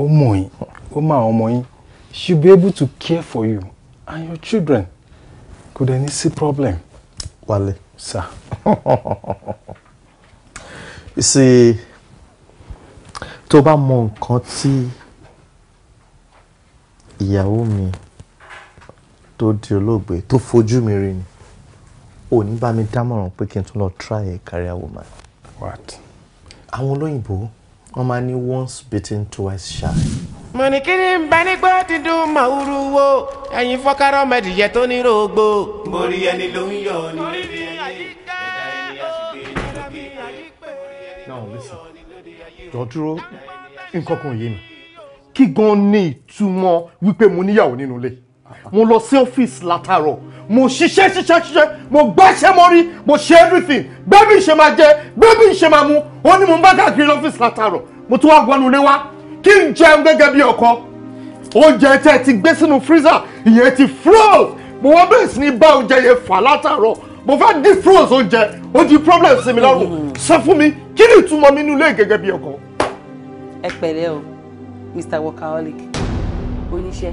ó mọ̀ yín ó mọ̀ ọmọ yín she will be able to care for you and your children. Could any see problem. Wale? Sir. you see toba mon mọ nǹkan tí ìyàwó mi tó di olóògbé tó Oh, mi rí ni ò ní bá mi dámọ̀ràn pé kí n tún try a career woman. What? Àwọn olóyìnbó boo. máa ní once bitten twice shy mọ̀nìkìní ń bẹ nígbó ti dún màwúrú wo ẹ̀yin fọ́kárọ́ mẹ́dìyẹ tó ní rògbò. borí ẹni ló ń yọ ní lórí ẹyẹ ẹ̀dá ẹni àṣìgbè ní lókè ẹ̀. now listen jọ dúró nǹkan kan yé mi kí gan ni ìtumọ̀ wípé mo níyàwó nínú ilé mo lọ sí ọ́fíìsì látàárọ̀ mo ṣiṣẹ́ ṣiṣẹ́ ṣiṣẹ́ mo gbáṣẹ́ mọ́ rí mo ṣe everything bẹ́ẹ̀ bí ṣe máa jẹ bẹ́ẹ̀ bí máa mu ó ní mo bá káàkiri lọ́fíìsì látàárọ̀ mo tún wá gbọ́nu lé wá kí n jẹun gẹ́gẹ́ bí ọkọ oúnjẹ tẹ́ ti gbé sínú freezer ìyẹn ti froze mo wá bẹ̀rẹ̀ sí ní bá oúnjẹ yẹn fà látàárọ̀ mo fẹ́ defroze oúnjẹ ó di problem sí mi lọ́rùn mm-hmm. sọ fún mi kí ni ìtumọ̀ mi nílé gẹ́gẹ́ bí ọkọ. ẹ pẹ̀lẹ́ o mr workaholic oníṣẹ́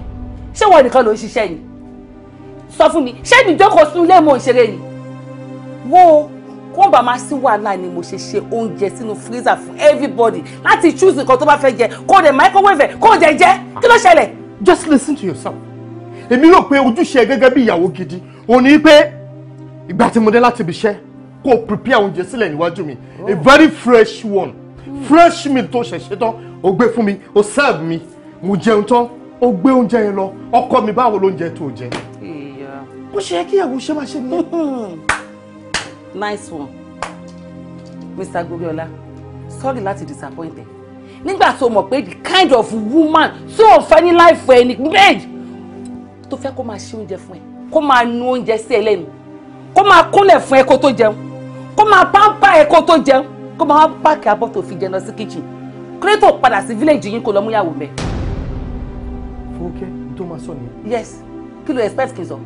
ṣé wọ́n nìkan ló ń ṣiṣẹ́ yìí sọ fún mi ṣé ìdíjókòó sún lé mò ń yìí wo kó bá máa sí wàhálà ni mo ṣe ṣe oúnjẹ sínú freezer for everybody láti choose nǹkan tó bá fẹ́ jẹ kó dẹ̀ microwave kó dẹ̀ jẹ kí ló ṣẹlẹ̀. just listen to yourself èmi rò pé ojúṣe gẹ́gẹ́ bí ìyàwó gidi ò ní pé ìgbà tí mo dé láti ibi iṣẹ́ kó prepare oúnjẹ sílẹ̀ níwájú mi oh. a very fresh one fresh meal tó ṣẹ̀ṣẹ̀ tán ó gbé fún mi ó serve mi mo jẹun tán ó gbé oúnjẹ yẹn lọ ọkọ mi báwo lóúnjẹ tó jẹ bó ṣe yẹ kí ìyàwó ṣe máa ṣe nìyẹn. nice one mr goriola sorry láti disappoint ẹ nígbà tó mọ̀ pé the kind of woman tó ò fẹ́ ní láìfọ ẹni méjì tó fẹ́ kó máa ṣe oúnjẹ fún ẹ kó máa nu oúnjẹ sí ẹ lẹ́nu kó máa kúnlẹ̀ fún ẹ kó tó jẹun kó máa pàǹpà ẹ kó tó jẹun kó máa pààkì abọ́ tó fi jẹun lọ sí kitchen kúrẹ́tò padà sí village yín kó lọ múyàwó mẹ́. fúnkẹ́ tó máa sọ nìyẹn. yes kí ló expect kí n sọ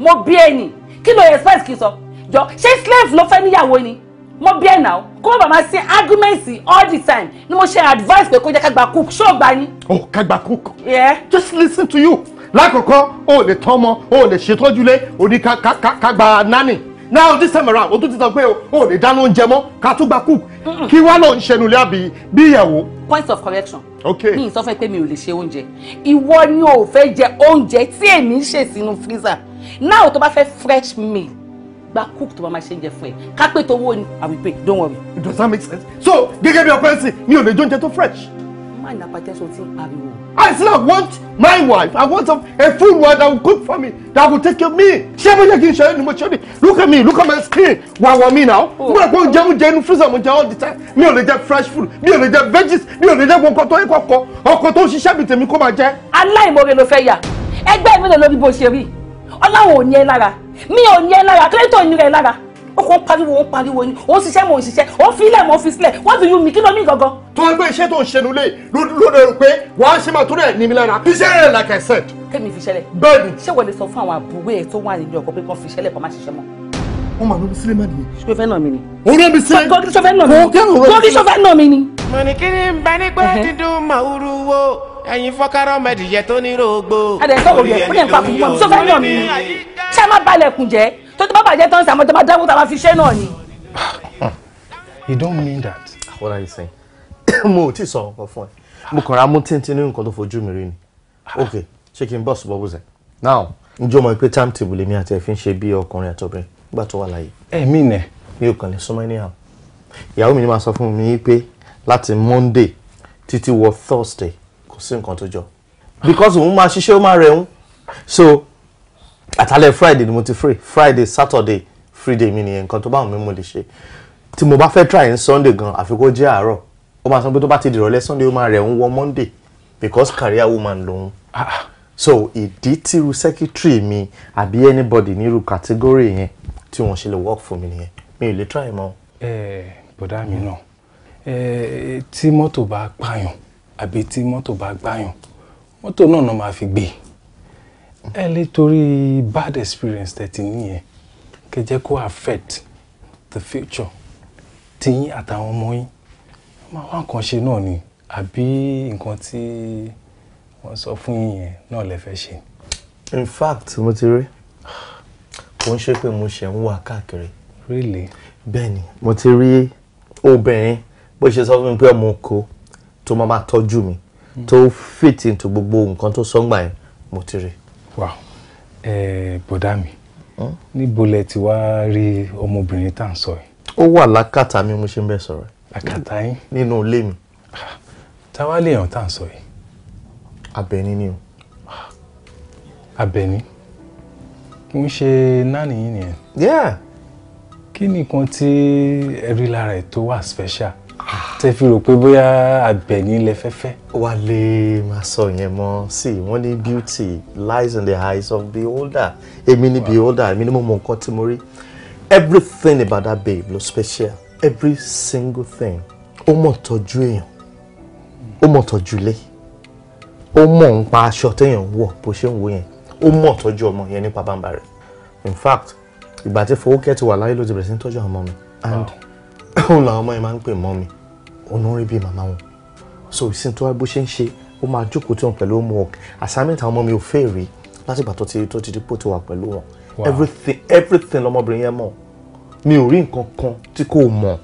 mo bí ẹni kí ló expect kí n sọ jọ ṣé slave ló fẹ́ níyàwó ni mo bí ẹ̀ náà kó bàbá máa ṣe arguments all the time ni mo ṣe advice pé kó jẹ́ ká cook ṣó gba ni. oh ká gba cook. yeah. just listen to you lákọ̀ọ́kọ́ o lè tán ọmọ o lè ṣètọ́jú lé o ní ká gba nani now this time around o tún ti sọ pé o lè dáná oúnjẹ mọ́ ká tún gba cook kí wá ló ń ṣẹnu lé àbí bí ìyàwó. point of correction. okay mi sọ fún ẹ pé mi ò lè ṣe oúnjẹ ìwọ ni o fẹ́ jẹ oúnjẹ tí èmi ń ṣe sínú freezer now tó bá fẹ́ fresh meal gba cook tó bá máa ṣe ń jẹ fún ẹ ká pé tó wó ni i will pay don't worry. it does not make sense so gẹ́gẹ́ bí ọpẹ́ sí mi ò lè jóúnjẹ tó fresh. má ní apàtẹ́ sọ tí ń i still want my wife i want a, a full one that will cook for me that will take care of me. ṣé mo yẹ kí n ṣe é ni mo ṣe é ni look at me look at my skin wà wọ mi náà mo rẹ̀ pé oúnjẹ oúnjẹ inú freezer mo jẹ all the time mi ò lè jẹ fresh food mi ò lè jẹ veggies mi ò lè jẹ gbọ̀ngàn tó yẹ kọ̀ọ̀kọ̀ ọkọ̀ tó ń ṣiṣẹ́ mi tèmi kó máa jẹ. aláìmoore ló fẹ́ yà ẹgbẹ́ mi lè lórí bó ṣe rí ọlọ́run ò ní ẹ lára mi ò ní ẹ lára kílẹ̀tọ̀ ní rẹ lára ó kàn ń pariwo ó ń pariwo ni ó ń ṣiṣẹ́ mò ń ṣiṣẹ́ ó ń filẹ̀ mò ń fi sílẹ̀ wọ́n ti yún mi kí ló ní gangan. tó ń gbé iṣẹ́ tó ń ṣe nulẹ̀ ló lè rò pé wàá ṣe máa tó rẹ̀ ní mi lára iṣẹ́ rẹ̀ like I said. kémi fi ṣẹlẹ̀. bẹ́ẹ̀ni. ṣé wọ́n lè sọ fún àwọn àbúrò ẹ̀ tó wà nínú ọkọ̀ pé kàn fi ṣẹlẹ̀ kàn má ṣiṣẹ́ mọ́. wọ́n máa lóbi sílẹ̀ mẹ́rin. ṣé o fẹ́ nà mí ni. òun rẹ̀ mi sílẹ̀. kọ́kí sọ fẹ́ nà ni. kọ́kí sọ ṣé má balẹ̀kùn jẹ́ tó tó bá bàjẹ́ tán sàmọ́ tó bá dáwó tó bá fi ṣe náà ni. you don't mean that. what are you saying? mo ò tí ì sọ ọkọ fún ẹ mo kàn ra mú tíntín ní nǹkan tó fojú mi rí ni ok ṣé kí n bọ́ ṣùgbọ́n bùzẹ̀ now ǹjẹ́ o mọ̀ pé timetable èmi àti ẹ̀ fi ń ṣe bí ọkùnrin àtọ́bìnrin nígbà tó wà láàyè. ẹ mi nẹ. mi ò kàn lè súnmọ́ anyhow ìyàwó mi ni máa sọ fún mi pé láti monday títí wọ thursday kò sí nǹkan tó jọ because òun máa ṣiṣẹ́ ó máa rẹ̀ ń so àtàlẹ́ friday ni mo ti free friday saturday free day mi nìyẹn nǹkan tó bá wù mí mo lè ṣe tí mo bá fẹ́ try sunday gan àfi kó jẹ́ àárọ̀ ó máa sọ pé tó bá ti dìrọ̀lẹ́ sunday ó máa rẹ̀ ń wọ monday because career woman lòun ah, ah. so ìdí tíru secretary mi àbí anybody nírú category yẹn tí wọ́n ṣe lè work for mi nìyẹn mi ò lè try mọ́. ẹ bọ̀dá mi náà tí mọ́tò bá pààyàn àbí tí mọ́tò bá gbààyàn mọ́tò náà náà máa fi gbé e ẹ lè torí bad experience tẹ̀tì nìyẹn kẹ jẹ́ kó affect the future tiyín àtàwọn ọmọ yín máa wá nǹkan ṣe náà ni àbí nǹkan tí wọ́n sọ fún yín yẹn náà lè fẹ́ ṣe. in fact mo ti rí kò ń ṣe pé mo ṣe ń wà káàkiri. really. bẹ́ẹ̀ ni mo ti rí obìnrin bó ṣe sọ fún mi pé ọmọ oko tó máa tọ́jú mi hmm. tó fit into gbogbo nǹkan tó sọ́ngbà yẹn mo ti rí i wow ẹ bọ̀dá mi hm? níbo lẹ ti wá rí ọmọbìnrin tá à ń sọ yìí. ó wà lákàtà mi mo ṣe ń bẹ sọ̀rọ̀. lákàtà yín. nínú ilé mi. Ah, táwa lè yàn tá à ń sọ yìí. Abẹ́ní ni o. Ah, Abẹ́ní kì í ṣe nání yín nìyẹn. kí ni nǹkan tí ẹ rí lára ẹ̀ tó wà special tẹ fi rò pé bóyá àbẹ̀ní lẹ fẹ́fẹ́. wálé máa sọ yẹn mọ sí wọn ní beauty lies in the eyes of the beholder èmi ni beholder èmi ni mo mọ nǹkan tí mo rí everything about that babe lo special every single thing ó mọ̀ tọ́jú èèyàn ó mọ̀ tọ́jú ilé ó mọ̀ ń pa aṣọ téèyàn ń wọ̀ bó ṣe ń wọ̀ yẹn ó mọ̀ tọ́jú ọmọ yẹn nípa bàbá rẹ̀ in fact ìgbà tí Fowókẹ́ ti wà láyé ló ti bẹ̀rẹ̀ sí ń tọ́jú ọmọ mi and òun làwọn ọmọ yẹn máa ń pè mọ́ mi òun rí bíi wọn so ìsìn tó wá bó ṣe ń ṣe ó máa jókòó tí wọn pẹ̀lú homework assignment àwọn ọmọ mi ò fẹ́ rí látìgbà tó ti tó ti di pò tó wà pẹ̀lú wọn everything everything lọmọbìnrin yẹn mọ̀ mi ò rí nǹkan kan tí kò mọ̀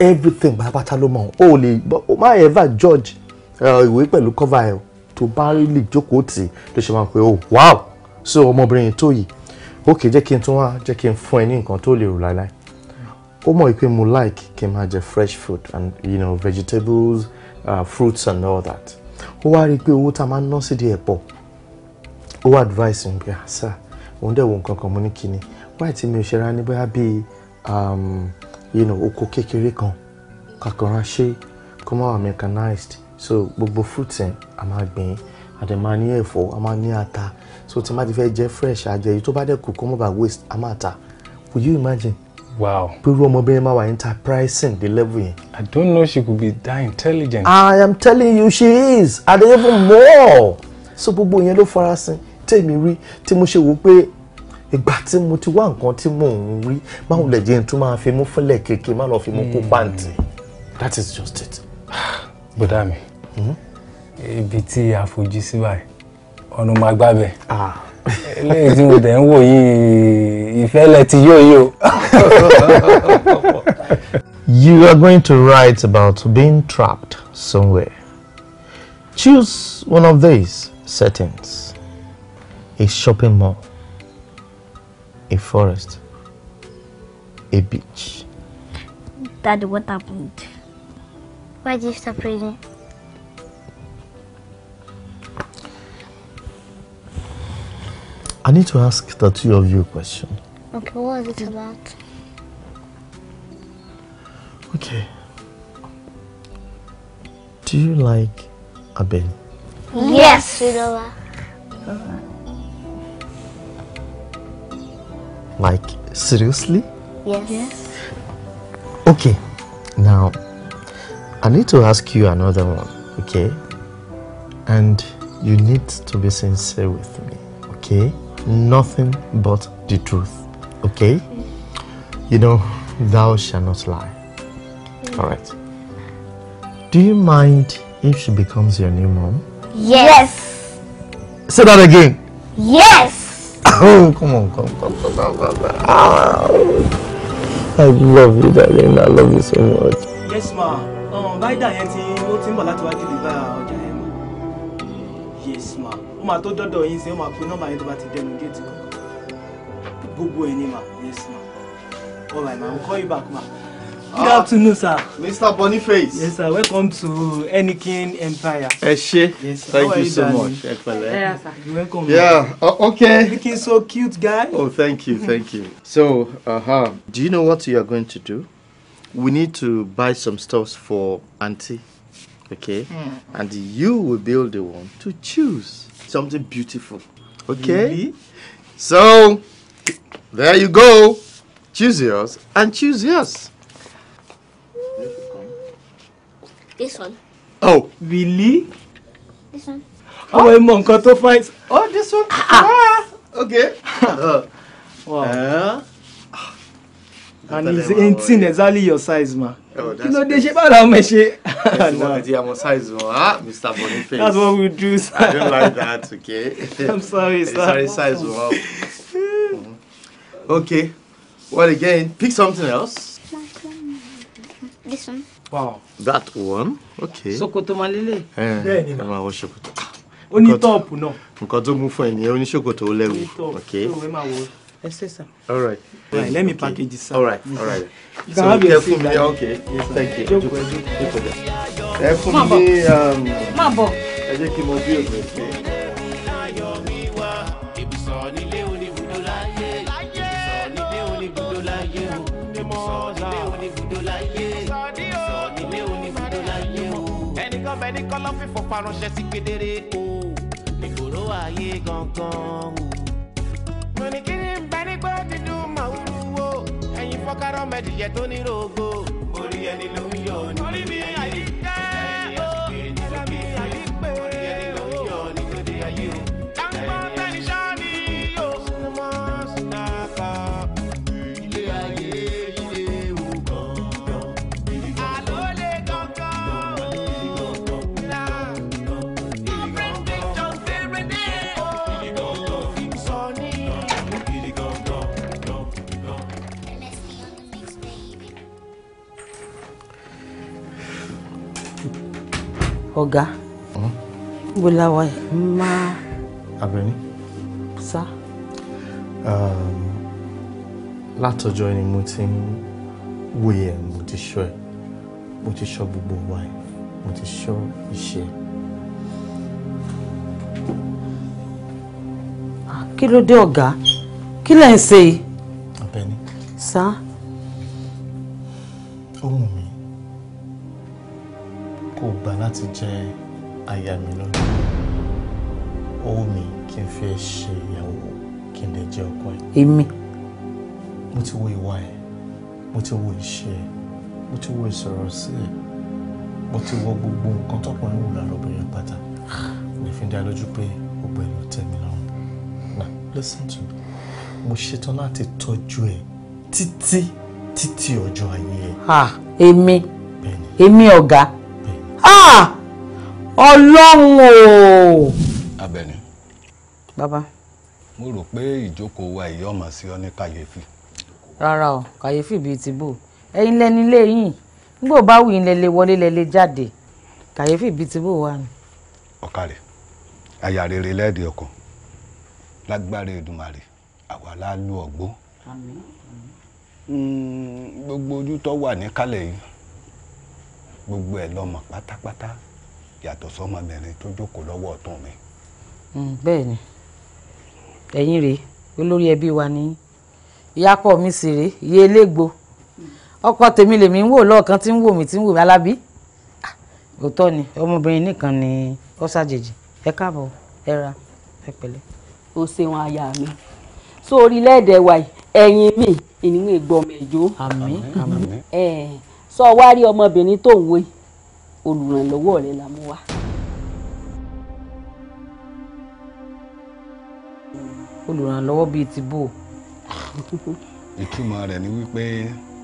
everything pátápátá ló mọ̀ o lè o má ever judge uh, ìwé pẹ̀lú cover ẹ̀ tó bá rí lè jókòó tì ló ṣe máa pe o oh, wow so ọmọbìnrin yìí tó yìí ok jẹ́ kí n tún wá jẹ́ kí n fún ẹ ní nǹkan tó lè rò láéláé ó mọ̀ pé mo like kí n máa fresh food and you know, vegetables uh, fruits and all that ó wá rí i pé owó tá a máa ń ná sídìí ẹ̀ pọ̀ ó wá advice mi pé àṣà ah, òun dẹ̀ wo nǹkan kan mo ní kíni wáyé tí mi ò ṣe ra ní bóyá bíi um, you know, oko kékeré kan kàkànrà ṣe kó má wà mechanized so gbogbo fruits yẹn a máa gbìn a dẹ̀ máa ní ẹ̀fọ́ a máa ní ata so tí a máa ti fẹ́ jẹ fresh àjẹyí tó bá dẹ̀ kù kó má bàa waste a máa ta will you imagine wow pẹ̀lú ọmọbìnrin máa wà enterprising the level yẹn. I don't know she could be that intelligent. I am telling you she is and even more so gbogbo yẹn ló farasin tèmi rí tí mo ṣe wò pé ìgbà tí mo ti wá nǹkan tí mò ń rí báwo lè jẹ́ tún máa fi mú fúnlẹ̀ kéèké má lọ́ọ́ fi mú kó hmm. pàǹtì. that is just it. bùdá mi hmm? ibi tí a fojú sí báyìí ọ̀nà máa gbábẹ́ ah. eléyìí tí mo dẹ̀ ń wò yìí ìfẹ́ lẹ ti yóò yóò. you are going to write about being trapped somewhere. Choose one of these settings. A shopping mall, a forest, a beach. Dad, what happened? Why did you stop reading? I need to ask the two of you a question. Okay, what is it about? Okay. Do you like Abel? Yes, Fidola. Like, seriously? Yes. yes. Okay. Now, I need to ask you another one, okay? And you need to be sincere with me, okay? Nothing but the truth, okay? You know, thou shalt not lie. All right. Do you mind if she becomes your new mom? Yes. Say that again. Yes. Oh, come on, come, on, come, come, come, come. come. Oh, I love you, darling. I love you so much. Yes, ma. Um, by yẹn ti ó ti ń bọ̀ láti wá deliver ọjà yẹn ma. Yes, ma. Ó máa tó dọ́dọ̀ yín sí, ó máa pe nọ́mbà yẹn tó bá ti dẹnu géètì kan. Gbogbo ẹ̀ ni ma. Yes, ma. All right, ma. I'll call you back, ma. Good uh, afternoon, sir. Mr. Boniface. Yes, sir. Welcome to Anakin Empire. Yes, sir. Thank you, you so much. Yes, sir. You're Welcome. Yeah. Uh, okay. Looking so cute, guy. Oh, thank you, thank you. So, uh-huh. Do you know what you are going to do? We need to buy some stuffs for Auntie, okay? Mm. And you will build the one to choose something beautiful, okay? Really? So, there you go. Choose yours and choose yours. This one. Oh, really? This one. Oh, ẹ mọ nǹkan tó fine. Oh, this one. Ah, ah. ah okay. uh, wow. Uh, and he's 18, exactly your size ma. Oh, kí ló dé ṣe báwo làwọn ọmọ ẹ ṣe. ẹsìn wọn size one, ah mr boniface. that's what we do sir. i don't like that okay. i'm sorry sir. sorry size wọn. okay well again pick something else. this one. That one. Okay. Ṣòkòtò eh, ma lele. Bẹ́ẹ̀ni na. Ẹ máa wọ ṣòkòtò. Ó ní tọ́ọ̀pù náà. Nǹkan tó mú fún ẹ nìyẹn, ó ní ṣòkòtò ó lẹ́wù. Okay. Ṣé òwe máa wọ? Ẹ ṣe sà. All right. All right, let me package it, sir. All right, all right. So ẹ fún mi, okay. Yes, thank you. Jókòó ẹ jókòó. Ẹ fún mi ní. Um, Má bọ̀. Ẹ jẹ́ kí n mọ bí òògùn ẹ̀ fẹ́. faránṣẹ́ sí kedere o nígboro ayé gangan o. mọ̀nìkìní ń bẹ nígbó dídùn màwúrú wo ẹ̀yin fọ́kárọ́ mẹ́dìyẹ tó ní rògbò. orí ẹni ló ń yọ ní. orí mi àyè. ọ̀gá hmm? bó la wà yìí hmm. máa. Àbẹ̀ní. sá. Um, látọjọ́ ni mo ti ń wòye ẹ̀ mo ti ṣọ́ ẹ̀ mo ti ṣọ́ gbogbo wa ẹ̀ mo ti ṣọ́ iṣẹ́ ah, kí ló dé ọ̀gá kí lẹ̀ ń ṣe. Àbẹ̀ní. sá. gbà láti jẹ́ aya mi lọ́la ó wù kí n fi ṣe ìyàwó kí n lè jẹ́ ọkọ ẹ̀. èmi. mo ti wo ìwà ẹ mo ti wo ìṣe ẹ mo ti wo ìsọ̀rọ̀ sí ẹ mo ti wo gbogbo nǹkan tọkùnrin wù lára obìnrin pátá ní fi dá lójú pé gbogbo ló tẹ́ lọ́rùn now listen to me mo ṣetán láti tọ́jú ẹ títí títí ọjọ́ ayé ẹ. ha èmi èmi ọ̀gá ọlọ́run o. Abẹ́ni. bàbá. mo rò pé ìjókòó wa èyí ọmọ sí ọ ní kàyéfì. rárá o kàyéfì bíi ti bò ẹ̀yin lẹni lẹ́yìn nígbà bá wù yín lẹlẹ wọlé lẹlẹ jáde kàyéfì bíi ti bò wà ní. ọ̀kàrẹ̀ àyà rere lẹ́ẹ̀dẹ̀ ọkàn lágbára Èdùmàrè àwa la lu ọ̀gbọ́. Hmm, gbogbo ojú tó wà níkàlẹ̀ yìí gbogbo ẹ̀ lọ́mọ pátápátá yàtọ̀ sọ́mọbìnrin tó jókòó lọ́wọ́ ọ̀tún mi. Hmm, bẹ́ẹ̀ ni ẹ̀yin rèé olórí ẹbí wa ni ìyápọ̀ mi sì rèé iye elégbò ọkọ tèmi lèmi ń wò lọ́ọ̀kan tí ń wò mí tí ń wò mí alábí ah, òótọ́ ni ọmọbìnrin nìkan ni ó ṣàjèjì ẹ káàbọ̀ ẹ ra ẹ pẹ̀lẹ́. o ṣeun aya mi sórí lẹ́ẹ̀dẹ̀ wa ẹ̀yin mi ìníwọ̀n ìgbọ̀mẹ̀jọ. àmín àmín sọ wá rí ọmọbìnrin tó ń wé olùrànlọ́wọ́ rẹ̀ la mú wá. olùrànlọ́wọ́ bíi ti bò. ìtumọ̀ rẹ̀ ni wípé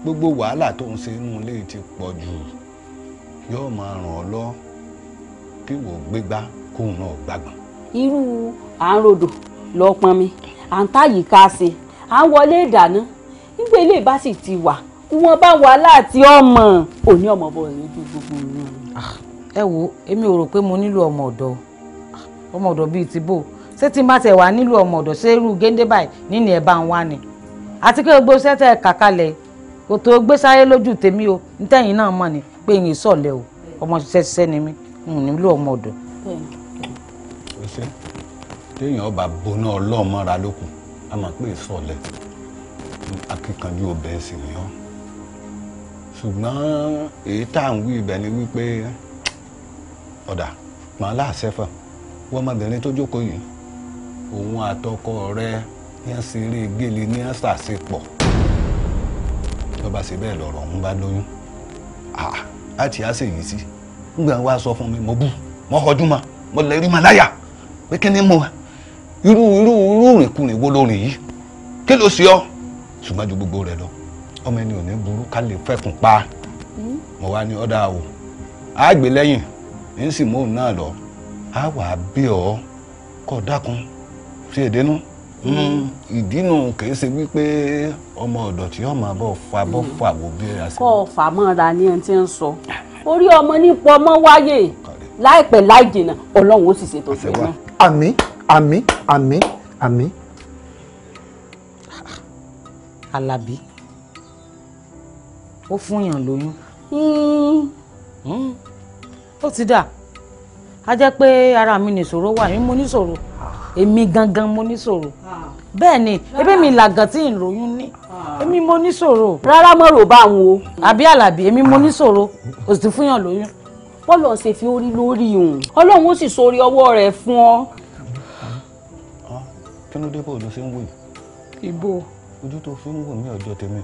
gbogbo wàhálà tó ń ṣe inú ilé ti pọ̀ jù yóò máa ràn ọ́ lọ kí wò ó gbégbá kóun náà gbàgbọ́n. irú à ń pọnmi à ń táyìí ká ṣe à ń wọlé ìdáná nígbà ilé ìbá sì ti wà wọn bá wàhálà àti ọmọ òní ọmọ bọ̀ lójú gbogbo ah, ẹ wo èmi ò rò pé mo nílò ọmọ ọ̀dọ́ ah, ọmọ ọ̀dọ́ bíi ti bò ṣé tí n bá tẹ̀ wá nílò ọmọ ọ̀dọ́ ṣé irú géńdé báyìí nínú ẹ̀ bá ń wá ni àti pé gbogbo iṣẹ́ tẹ̀ kàkalẹ̀ kò tó gbé sáyé lójú tèmi o nítẹ̀yìn náà mọ̀ ni pé ìyìn sọ̀lẹ̀ o ọmọ ṣiṣẹ́ ṣiṣẹ́ ni mí n nílò ọmọ ọ̀dọ́. téèyàn ọba boná ọlọ́ọ̀mọ́ra lókun a máa pè é sọ̀lẹ̀ akíkanjú ọbẹ̀ ẹ̀sìn nìyẹn ṣùgbọ́n èyí tá à ń wí ibẹ̀ ni wípé ọ̀dà pọ́n aláàṣẹ́fà wọ́n ọmọbìnrin tó jókòó yìí òun àtọkọ rẹ ní à ń ṣeré gèlè ní à ń ṣàṣepọ̀ tó bá ṣe bẹ́ẹ̀ lọ̀rọ̀ òun bá lóyún àti àṣeyìí sí nígbà wàá sọ fún mi mo bú mo họjú ma mo lè rí ma láyà pé kí ni mo irú irú irú ìrìnkúrìn wo lórin yìí kí ló ṣe ọ ṣùgbọ́n ju gbogbo rẹ lọ ọmọ ẹni ò ní burú ká lè fẹ̀kùn pa mo wá ní ọ̀dà o á gbé lẹ́yìn ń sì mú òun náà lọ á wà á bí ọ kọ dákun sí èdénú hmm, ìdínú kì í ṣe wípé ọmọ ọ̀dọ̀ tí ọmọ bọ̀ fà bọ̀ fà wò bí ẹ ṣe. kọ́ ọ̀fà mọ́ra ni ẹ ti ń sọ orí ọmọ nípa ọmọ wáyé láìpẹ́ láì jìnnà ọlọ́run ó sì ṣètò sí i. àmín àmín àmín àmín. Alábí ó fún yàn lóyún hmm. Hmm. ó ti dà á jẹ́ pé ara mi nìṣòro wà ní mo níṣòro ah. èmi gangan mo níṣòro ah. bẹ́ẹ̀ ni ebi mi làgàn tí ń lóyún ní ah. èmi mo níṣòro. rárá mo rò bá àwọn o. àbí àlàbí èmi mo níṣòro ó sì ti fún yàn lóyún. bọ́ọ̀lù ọ̀sẹ̀ fi orí lórí òun ọlọ́run ó sì sórí ọwọ́ rẹ̀ fún ọ. kí ló dé bó o lọ sí ń wò yìí. ibo. ojú tó fi ń wò mí ọjọ́ tèmi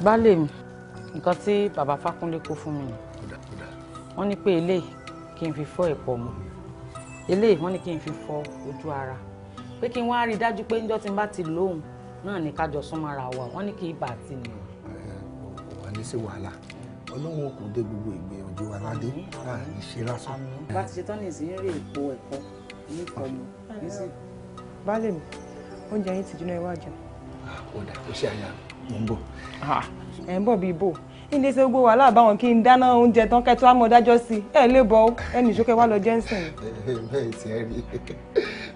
baálé mi nǹkan tí bàbá Fákúnlé kó fún mi ni wọ́n ní pé eléyìí kí n fi fọ́ ẹ̀pọ̀ mọ́ eléyìí wọ́n ní kí n fi fọ ojú ara pé kí n wá rí i dájú pé níjọ́ tí n bá ti lóhùn náà ní kájọ súnmọ́ ara wa wọ́n ní kí ibà ti nì. wà ní sí wàhálà ọlọ́run kò dé gbogbo ìgbìyànjú aládé láàrin ṣe lásán. bá ti ṣe tán ní ìsìn rí èpo ẹ̀kọ́ ní ìkọlù baálé mi oúnjẹ yín ti jóná iwájú. Ah, ó dà ó ṣe àyà mi mo ń bọ̀. ẹ̀ ń bọ̀ bíi bò ilé ṣe gbogbo wàhálà báwọn kí n dáná oúnjẹ tán kẹtọ àmọ́ dájọ́ sí ẹ lè bọ ẹnì ìṣókè wà lọ jẹnsìn. bẹ́ẹ̀ tí ẹ rí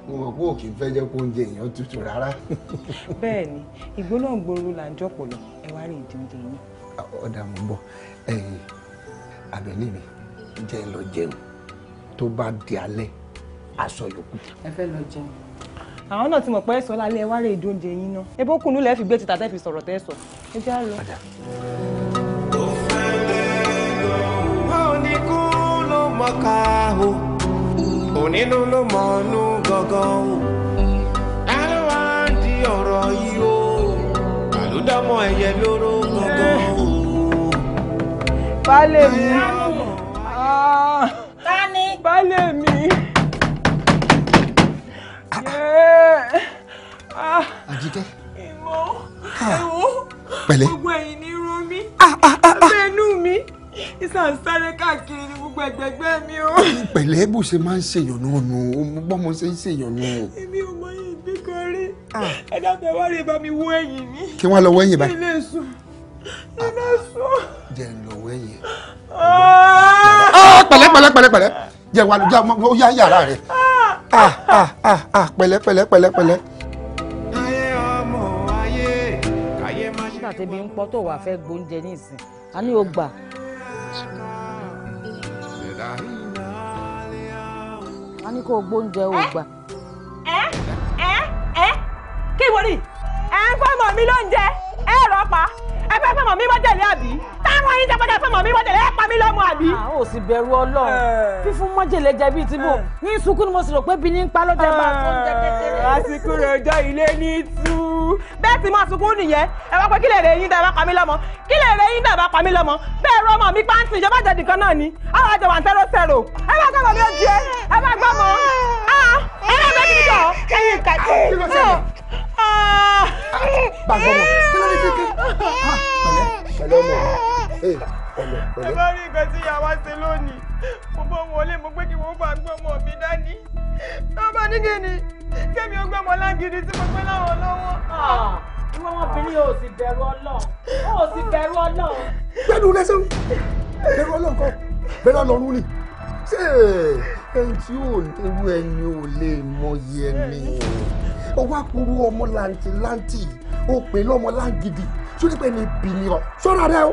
mo mọ̀ pé òkè fẹ́ jẹ́ kó oúnjẹ èèyàn tutù rárá. bẹ́ẹ̀ ni ìgbóná gbòòrò là ń jọpọ̀ lọ ẹ wá rí ìdí oúnjẹ yín. ọ̀dà mo ń bọ̀ ẹ̀yìn àbẹ̀lẹ̀ mi jẹ́ lọ jẹun tó bá di alẹ́ aṣọ yòókù. ẹ fẹ́ lọ jẹun àwọn náà ti mọ̀ pé ẹ̀sọ́ lálẹ́ wá rè ìdóúnjẹ yín náà ebó kùnú lẹ́ẹ̀ fi gbé títà tẹ́ fi sọ̀rọ̀ tẹ́ sọ ẹ já lọ. oníkú ló mọ ká o onínú ló mọ ọnú gangan o ẹni wá di ọ̀rọ̀ yìí o àlùdọ́mọ ẹ̀yẹ lóró gangan o. baálé mi ah. baálé mi. Ah. àjíkẹ́. ìmọ̀ ah. ẹ̀wọ̀ gbogbo ẹ̀yìn ah, ní irun mi abẹ́nú mi ìsànsáré káàkiri ni gbogbo ẹgbẹgbẹ mi o. pẹ̀lẹ́ bó ṣe máa ń ṣèyànnú nu bọ́mọ ṣe ń ṣèyànnú. èmi ò mọ iye ìbí kan rí ẹ̀dá fẹ́ wá rí bá mi wọ ẹ̀yìn mi. kí wọ́n lọ wọ ẹ̀yìn báyìí. ilé sùn ilé sùn. jẹ́ ń lọ wọ ẹ̀yìn. pẹ̀lẹ́ pẹ̀lẹ́ pẹ̀lẹ́ pẹ̀lẹ́ jẹ́ wà lójú àmọ́ ó yá yàrá rẹ̀ ah ah ah ah pẹ̀lẹ́ pẹ̀lẹ́ pẹ̀lẹ́ pẹ̀lẹ́. nígbà tẹ́bi ń pọ́ tó wà fẹ́ gbóúnjẹ ní ìsìn a ní o gbà. a ní kó o gbóúnjẹ o gbà. ẹ ẹ ẹ kí wọ́n rí ẹ̀ ń fọ́ ọmọ mi lóúnjẹ pé màmí wá jẹ̀lé àbí táwọn yín jẹ́pẹ́jẹ́ pé màmí wá jẹ̀lé pa mí lọ́mọ àbí. a ò sì bẹ̀rù ọlọ́run fífún mọ́jẹ̀lẹ̀ jẹ bíi tìbò ní sunkún ni mo sì rò pé bíi ní pa ló jẹ́ bá a tó ń jẹ kékeré. àsìkò rẹ̀ ọjọ́ ilé ní tú. bẹ́ẹ̀ ti máa sunkún nìyẹn ẹ wá pé kí lè rè yín dàbá pa mí lọ́mọ kí lè rè yín pa mí lọ́mọ bẹ́ẹ̀ ẹ gbàgbọ́mọ̀ kí ẹ bá rí nǹkan tí ìyàwó ṣe lónìí mo bọ́ wọlé mo pé kí wọ́n bá gbọ́ ọmọ mi dání tó bá ní kí kémi ó gbọ́mọ lágidi tí mo gbé láwọn lọ́wọ́. Ah, ìwọ ọmọbìnrin ò sì bẹ̀rù ọlọ́run ò sì bẹ̀rù ọlọ́run. bẹ́ẹ̀ ni o lẹ́sẹ̀ bẹ̀rù ọlọ́run kọ́ bẹ́ẹ̀ lọ́run ni ẹni tí ò nírú ẹni ò lè mọyì ẹni ó wá kúrú ọmọ làǹtìláǹtì ó pè lọ́mọ láǹgìdì sórí pé ní bìnìyàn sọ́ra rẹ o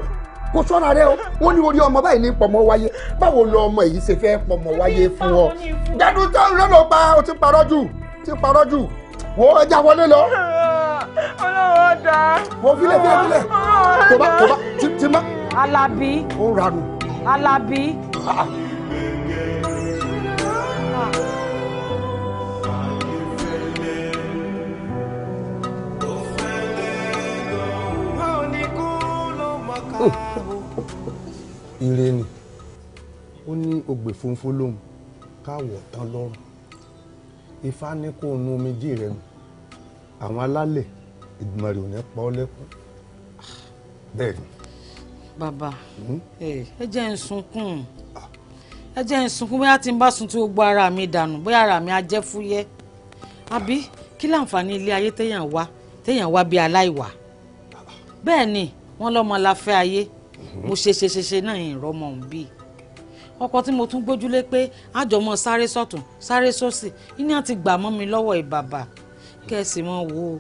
kò sọ́ra rẹ o wọ́n ní orí ọmọ báyìí ní pọ̀mọ́ wáyé báwo lọ ọmọ yìí ṣe fẹ́ pọ̀mọ́ wáyé fún ọ. gbẹdú tó ń lọ́nà pa o ti parọ́ jù ti parọ́ jù wo ẹja wọlé lọ. olówó da. wo filẹ̀ filẹ̀ filẹ̀ tó bá tó bá ti ti má. Alábí. ó ranù. Alábí. Ah, ah. Hmm. ire ni ó ní ogbè funfun lòun káwọ̀ tán lọ́rùn ifá ní kó nu omijì rẹ nù àwọn alálẹ̀ ìgbìmọ̀ rẹ̀ ò ní pa ọ́ lẹ́kún bẹ́ẹ̀ ni. bàbá hmm? ẹ jẹ́ ń sunkún ẹ jẹ́ ń sunkún bóyá tí n bá sun tí gbogbo ara mi dànù bóyá ara mi á jẹ́ fúyẹ́ àbí kí láǹfààní ilé ayé téèyàn wá téèyàn wá bíi aláìwà bẹ́ẹ̀ ni wọ́n lọ́mọ la fẹ́ ayé mo ṣe ṣe ṣe ṣe náà ìrọ́mọ ń bí ọkọ tí mo tún gbójúlé pé àjọmọ sáré sọ̀tún sáré sósì ní àti gbà mọ́ mi lọ́wọ́ ìbàbà kẹ́sì mọ́ wò ó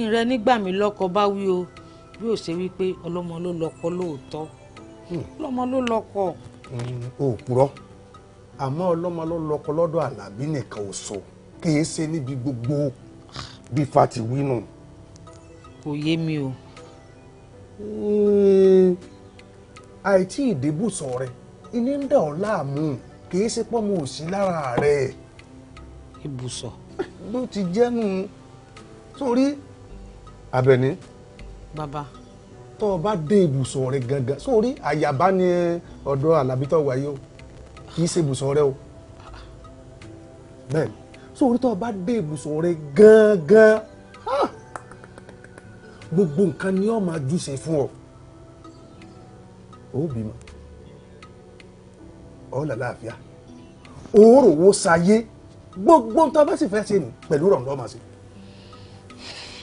ìrẹ́ nígbà mi lọ́kọ bá wí o bí ó ṣe wípé ọlọ́mọ ló lọ́kọ lóòótọ́ hmm. ọlọ́mọ ló lọ́kọ. Hmm, o ò purọ́ àmọ́ ọlọ́mọ ló lọ́kọ lọ́dọ̀ àlàbí nìkan ò sọ kì í ṣe níbi gbogbo bí fati wínú. kò yé mi o. Hmm. àìtí ìdébùsọ̀ rẹ iní ń dà ọ́ láàmú kì í ṣe pọ́nmu ò sí lára rẹ. ibùsọ̀. ló ti jẹ́nu sórí Àbẹ̀ní. bàbá. tó o bá dé rẹ gangan sórí àyàbá ni ọ̀dọ̀ alábítọ̀ wáyé o kì í ṣe rẹ o bẹ́ẹ̀ sórí tó o bá dé ibùsọ̀ rẹ gangan. Ah! gbogbo nǹkan ni ó máa júṣe fún ọ ó bímọ ọ làlàáfíà òórò wo sáyé gbogbo nǹkan bá sì fẹ́ ṣe nù pẹ̀lú rọ̀ǹdọ́ máa ṣe.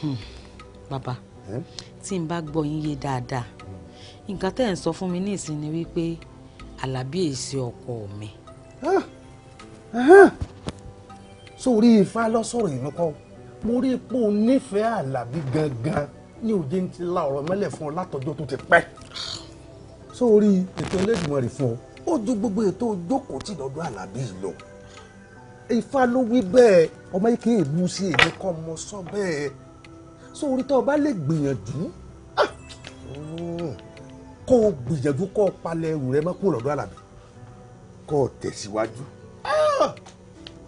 Hmm. bàbá tí n bá gbọ́ yín yé dáadáa nǹkan tẹ́ ẹ̀ ń sọ fún mi ní ìsìn ni wípé alábí èsì ọkọ mi. Ah! sórí ifá lọ́sọ̀rọ̀ ìnúkọ́ mo rí ipò nífẹ̀ẹ́ alábí gangan ní òjé ń ti la ọ̀rọ̀ mẹ́lẹ̀ fún ọ látọjọ́ tó ti pẹ́ sórí ètò ẹlẹ́dùnmọ̀ rẹ̀ fún ọ ó ju gbogbo ètò ojókòó tí lọ́dún àlàbí yìí lọ ifá ló wí bẹ́ẹ̀ ọmọ yìí kì í mú sí èmi kọ́ mọ sọ bẹ́ẹ̀ sórí tó o bá lè gbìyànjú ah! hmm. kó o gbìyànjú kó o palẹ̀ ẹrù rẹ mọ́kù lọ́dún àlàbí kó o tẹ̀síwájú ah!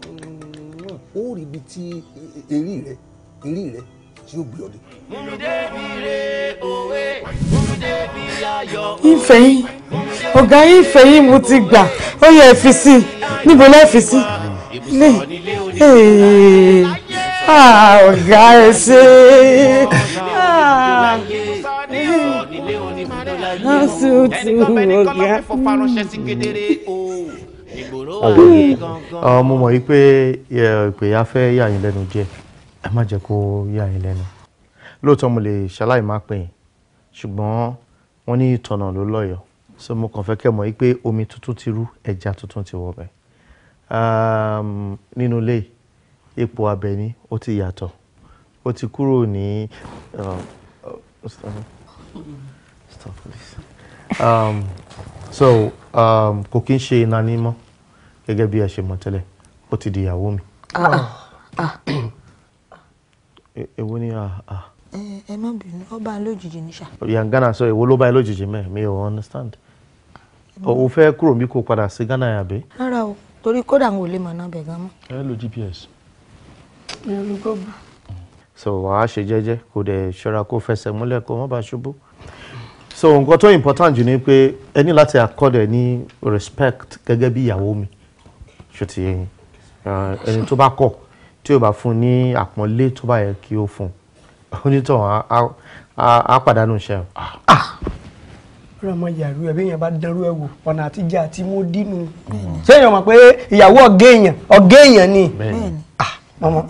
hmm. ó rí ibi tí eré rẹ eré rẹ tí yóò gbé ọ dé. ìfẹ́ yín ọ̀gá ìfẹ́ mo ti gbà ó yẹ ẹ fi sí níbo lẹ́ẹ̀ fi sí lè eh, ah, ọ̀gá ẹ ṣe. Lásùtù ah, ah, ọ̀gá. Ọmọ mọ̀ yí pé eh, ìpè afẹ́ yà yín lẹ́nu jẹ́ ẹ má jẹ́ kó yà yín lẹ́nu lóòótọ́ mo lè ṣaláì má pè yín ṣùgbọ́n wọ́n ní ìtọ̀nà ló lọ́yọ̀ so mo kàn fẹ́ kẹ́ mọ̀ pé omi tuntun ti rú ẹja tuntun ti wọ̀ bẹ̀ nínú ilé ipò abẹni ó ti yàtọ̀ ó ti kúrò ní um, um, so um, kò kí ń ṣe iná ní mọ́ gẹ́gẹ́ bí ẹ ṣe mọ̀ tẹ́lẹ̀ ó ti di ìyàwó mi. Ah, ah. E, ewu ni ah, ah. ẹ má bínú ó bá lójijì ní sà. Ghana sọ ewo ló bá ẹ lójijì mẹ mi ò understand. o fe kúrò mi kó padà sí Ghana yàbẹ́. rárá o torí kódà n ma lè mọ̀ náà gan ẹ lo GPS. mi ò lo so wàá ṣe jẹ́jẹ́ kó dẹ̀ ṣọ́ra kó fẹsẹ̀ múlẹ̀ kó má ṣubú so nǹkan tó important jù ni pé eni lati láti accord ẹ ní respect gẹ́gẹ́ bí ìyàwó mi ṣùtì ẹni tó bá kọ̀ tí o bá fún ní àpọ́nlé tó bá yẹ kí o fún onítọ̀ á pàdánù iṣẹ́ o. Ah. Ah! ọ̀rọ̀ ọmọ yàrá ẹ̀ bí èèyàn bá dánrú ẹ̀ wò ọ̀nà àtijọ́ àti mú dínú ṣé èèyàn mọ̀ pé ìyàwó ọ̀gẹ́ èèyàn ọ̀gẹ́ èèyàn ni ah, mọ̀mọ́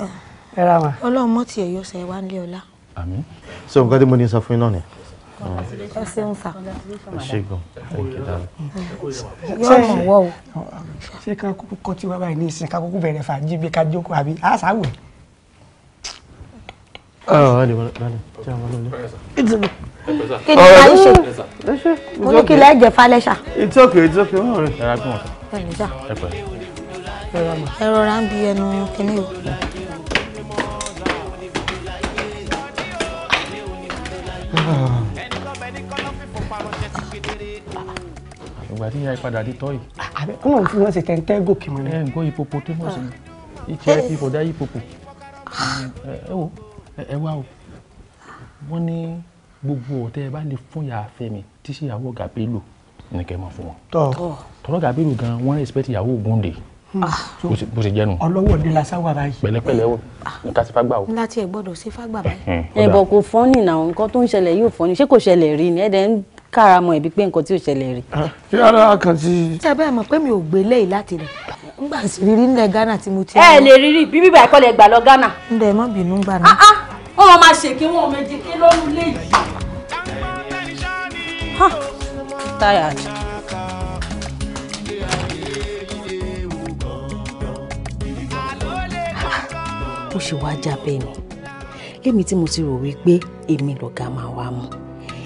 ẹ ra wọn. ọlọ́run mọ́ tiẹ̀ yóò ṣe wá nílé ọlá. àmín so nǹkan tí mo ní sọ fún yín náà ni ẹ ṣeun sa. ẹ ṣe gan thank you darling ṣé ká kúkú kọ́ tí wàá báyìí ní ìsìn ká kúkú bẹ̀rẹ̀ fàájì bí ká jókòó àbí á sáwẹ̀. Ah, ah, kí ni oh, ayé ṣe mo ní kí lẹ́ẹ̀ jẹ falẹ́ṣà. it's okay it's okay wọ́n rẹ̀ ẹ̀rọ agbọ̀n ọ̀sán. ẹ̀rọ ra ń bi ẹnu kínní o. ìgbà tí yẹn padà dé tọ́ yìí àbẹ kọ́nà òun fi wọ́n ṣe tẹ́ntẹ́ gòkè mọ́ ni. ẹ nǹkan hippopotamus ni ìtìrẹ fipò dá hippopo ẹ wo ẹ wá o wọ́n ní gbogbo ọ̀tẹ́ ẹ bá lè fún ìyá Fẹ́mi tí sí ìyàwó ọ̀gá Bello ní kẹ́ ẹ máa fún wọn. tọ́lọ́ ọ̀gá Bello gan wọ́n respect ìyàwó Ògúndé hmm. ah. bó ṣe jẹnu. ọlọ́wọ́ ni la sáwà báyìí. pẹ̀lẹ́pẹ̀lẹ́ o ah. ní ká sí fagbá o. láti ẹ gbọ́dọ̀ sí fagbá báyìí. Hmm. ẹbọ kò fọ́nì náà nǹkan tó ń ṣẹlẹ̀ yóò fọ́nì ṣé kò ṣẹlẹ̀ rí ni ẹ̀dẹ̀ ń kára mọ ẹbí pé nǹkan tí ò ṣẹlẹ rẹ ah, ṣé ara kan ti. ṣé abẹ́ mọ̀ pé mi ò gbé láti rẹ̀ ngbà rírí ńlẹ̀ Ghana tí mo ti. ẹ lè rírí bíbí ìgbà ẹ̀kọ́ lè gbà lọ Ghana. ń mọ́ bínú gbà náà. Ah, ah, wọn máa ṣèké wọn lọ́rùn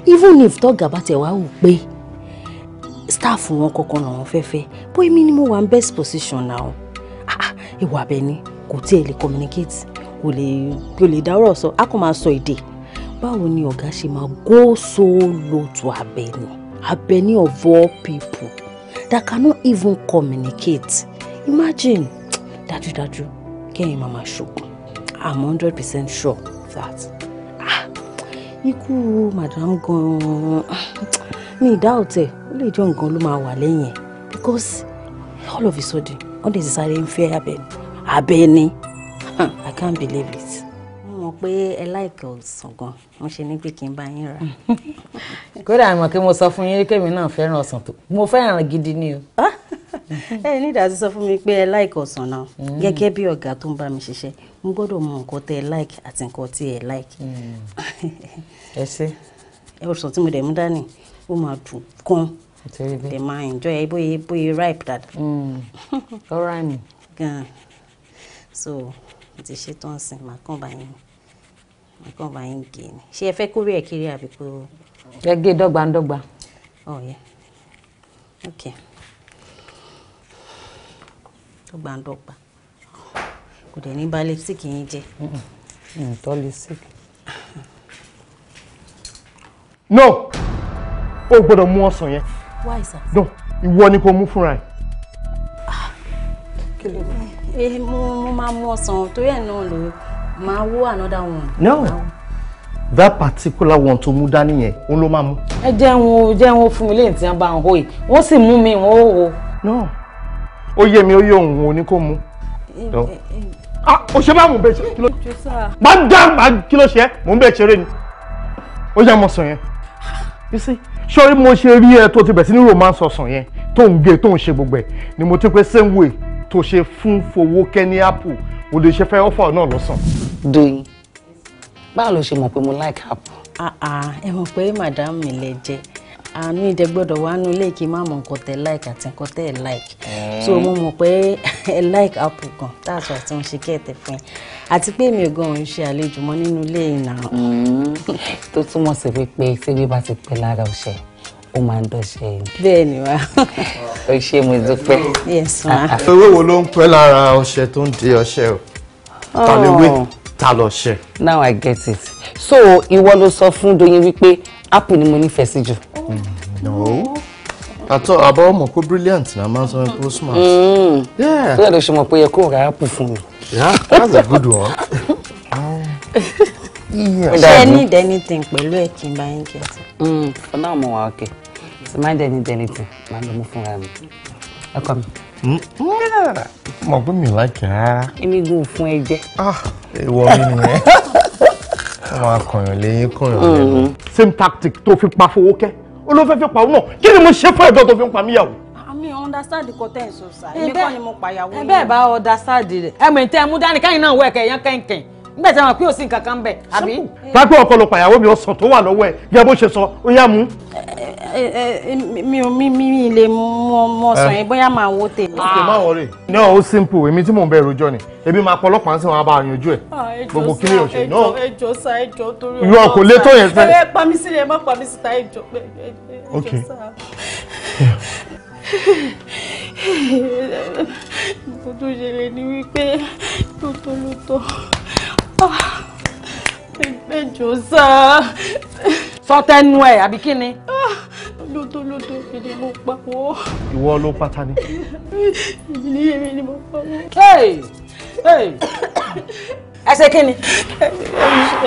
even if tọ́gà bá tẹ̀ wá wò pé staff wọn kọ̀ọ̀kan làwọn fẹ́ fẹ́ bó èmi ni mo wà ní best position now ah, ah, ìwà bẹ́ẹ̀ ni kò tiẹ̀ lè communicate kò lè kò lè dáwọ́rọ̀ sọ a kò máa sọ èdè báwo ni ọ̀gá ṣe máa go so low to Abẹ́ní Abẹ́ní of all people that cannot even communicate imagine dájúdájú kẹ́yìn máa máa ṣògùn i'm hundred percent sure of that ikú madam gan-an ní ìdá ọ̀tẹ̀ ó lè jọ nǹkan ló máa wà lẹ́yìn ẹ̀ because all of a sudden wọ́n lè sáré ń fẹ́ abẹ abẹ ni i can't believe it. mo mọ̀ pé ẹ láìkẹ́ ọsàn gan mo ṣe ní pé kí n bá yín rà. kódà àmọ́ kí mo sọ fún yín kémi náà fẹ́ràn ọsàn tó mo fẹ́ràn gidi ni o ah, ẹ ní ìdásí sọ fún mi pé ẹ láìkọ̀ ọ̀sán náà mm. gẹ́gẹ́ bí ọ̀gá tó ń bá mi ṣiṣẹ́ mo gbọ́dọ̀ mọ nǹkan tẹ́ ẹ like àti nǹkan tí ẹ like. Hmm. ẹ ṣe. ẹ sọ tí mo dẹ̀ mú dání ó máa dùn gan dẹ̀ máa enjoy ẹ bóyá bóyá ripe dada. ọ̀rá ni. gan so mo ti ṣe tán sí màá kàn bá yín màá kàn bá yín gé ni ṣé ẹ fẹ́ kórè ẹ̀ kiri àbí kó. ẹ gé dọ́gbandọ́gba. oh yeah ok dọ́gbandọ́gba kò dẹ̀ ní bá lipstick yín jẹ́. ǹtọ́ lipstick. no o gbọ́dọ̀ mú ọsàn yẹn. why sir. no ìwọ ni kò mú fúnra ẹ. ẹ ah, eh, mo máa mú ọsàn torí ẹ̀ náà lò máa wó another one. no that particular one tó mú dání yẹn òun ló máa mú. ẹ jẹun o jẹun o fún mi lẹ́yìn tí wọ́n bá ń hó yìí wọ́n sì mú mi wọ́n ó wo. no ó yé mi ó yé òun òun ni kò mú. Eh, eh, ah o ṣe bá mò ń bẹ ṣeré kí ló máa ń dá máa kí ló ṣe ni ó yá mo sàn yẹn you see sọ́rí mo ṣe rí ẹ tó ti bẹ̀ sí ní romance ọ̀sán yẹn tó ń gé tó ń ṣe gbogbo ni mo ti pé same way tó ṣe fún fowó kẹ́ni apple o lè ṣe fẹ́ offer náà lọ́sàn. doyin báwo ló ṣe mọ̀ pé mo like apple. Ah, ah, ẹ mọ̀ pé màdámù mi lè jẹ́ àánú ìdẹ́gbọ́dọ̀ wà nù ilé kí n má mọ nǹkan tẹ́ like àti nǹkan tẹ́ like mm. so mo mọ̀ pé ẹ like apple kan táàtù àti wọn ṣe kẹ́ẹ̀tẹ̀ fún yín àti pé èmi gan ò ń ṣe àlejò mọ́ nínú ilé ìnà. Mm. tó túmọ̀ sí wípé tí bí bá ti pẹ́ lára ọ̀sẹ̀ ó máa ń dọ̀ṣẹ́ yìí. bẹ́ẹ̀ ni o ṣe mo dúpẹ́. yes ah, ah. wo ló ń pẹ́ lára ọṣẹ tó ń di ọṣẹ o ta oh. ta lọ ṣẹ. now i get it so ìwọ ló sọ fún Doyin wípé apple ni mo nífẹ̀ẹ́ sí jù. No. Àtọ àbá ọmọ pé brilliant na máa ń sọ pé smart. Hmm. Bẹ́ẹ̀ ló ṣe mọ̀ pé yẹ kó ra apple fún mi. Yeah, that's a good one. Ṣé ẹ ní anything pẹ̀lú ẹ̀ kí n bá yín kí ẹ tán? Ọ̀nà àmọ̀ wa ọ̀kẹ́. Ṣé máa ń dẹ̀ ní anything? Máa ń lọ mú fúnra mi. Ẹ kọ́ mi hmm. mọ̀ pé mi ò láìkì rárá. èmi gùn fún ẹ jẹ. Ah, ìwọ mi nìyẹn. wọ́n á kọ̀yàn lẹ́yìn kọ̀yàn lẹ́yìn. Hmm. same tactic tó fi pa fowó kẹ́ olófẹ́fẹ́ pàwọ́ náà kí ni mo ṣe fún ẹ̀dọ́ tó fi ń pa míyàwó. àmì ah, understand kò tẹ̀ ń sọ sáà eh, èmi kọ́ ni mo pàyàwó eh, yẹn. ẹ bẹ́ẹ̀ bá understand rẹ̀ ẹ mọ̀ ní tẹ́ ẹ mú dání káyìn náà wọ ẹ̀kẹ́ yẹn kẹ́ńkẹ́ń nígbà tí àwọn pé òsì nǹkan kan ń bẹ àbí. pápẹ́ ọkọ ló pàyàwó mi ọsàn tó wà lọ́wọ́ ẹ̀ yẹ bó ṣe sọ ó yá mú. mi ò mi mi lè mọ ọsàn yẹn bóyá máa wo tèmi. ok má wọlé. ní ọ̀ ó simple èmi tí mò ń bẹ rojọ́ ni ebi máa pọ ọlọ́pàá sí wọn bá a yanjú ẹ̀ ah, gbogbo kílẹ̀ òṣè náà. ẹjọ́ sa ẹjọ́ torí ọlọ́pàá yọ kò lé yẹn fẹ́. ẹ pa mí sílẹ̀ ẹ má pa mí síta ẹjọ́ ẹjọ́ sa mo tún ṣe lè ní wípé ẹgbẹ́ jò sá. sọ tẹnu ẹ àbí kí ni. lótó lótó èdè mo pa wọ́. ìwọ ló pátá ni. ìdílé èmi ni mo pa wọ́. ẹ ṣe kí ni.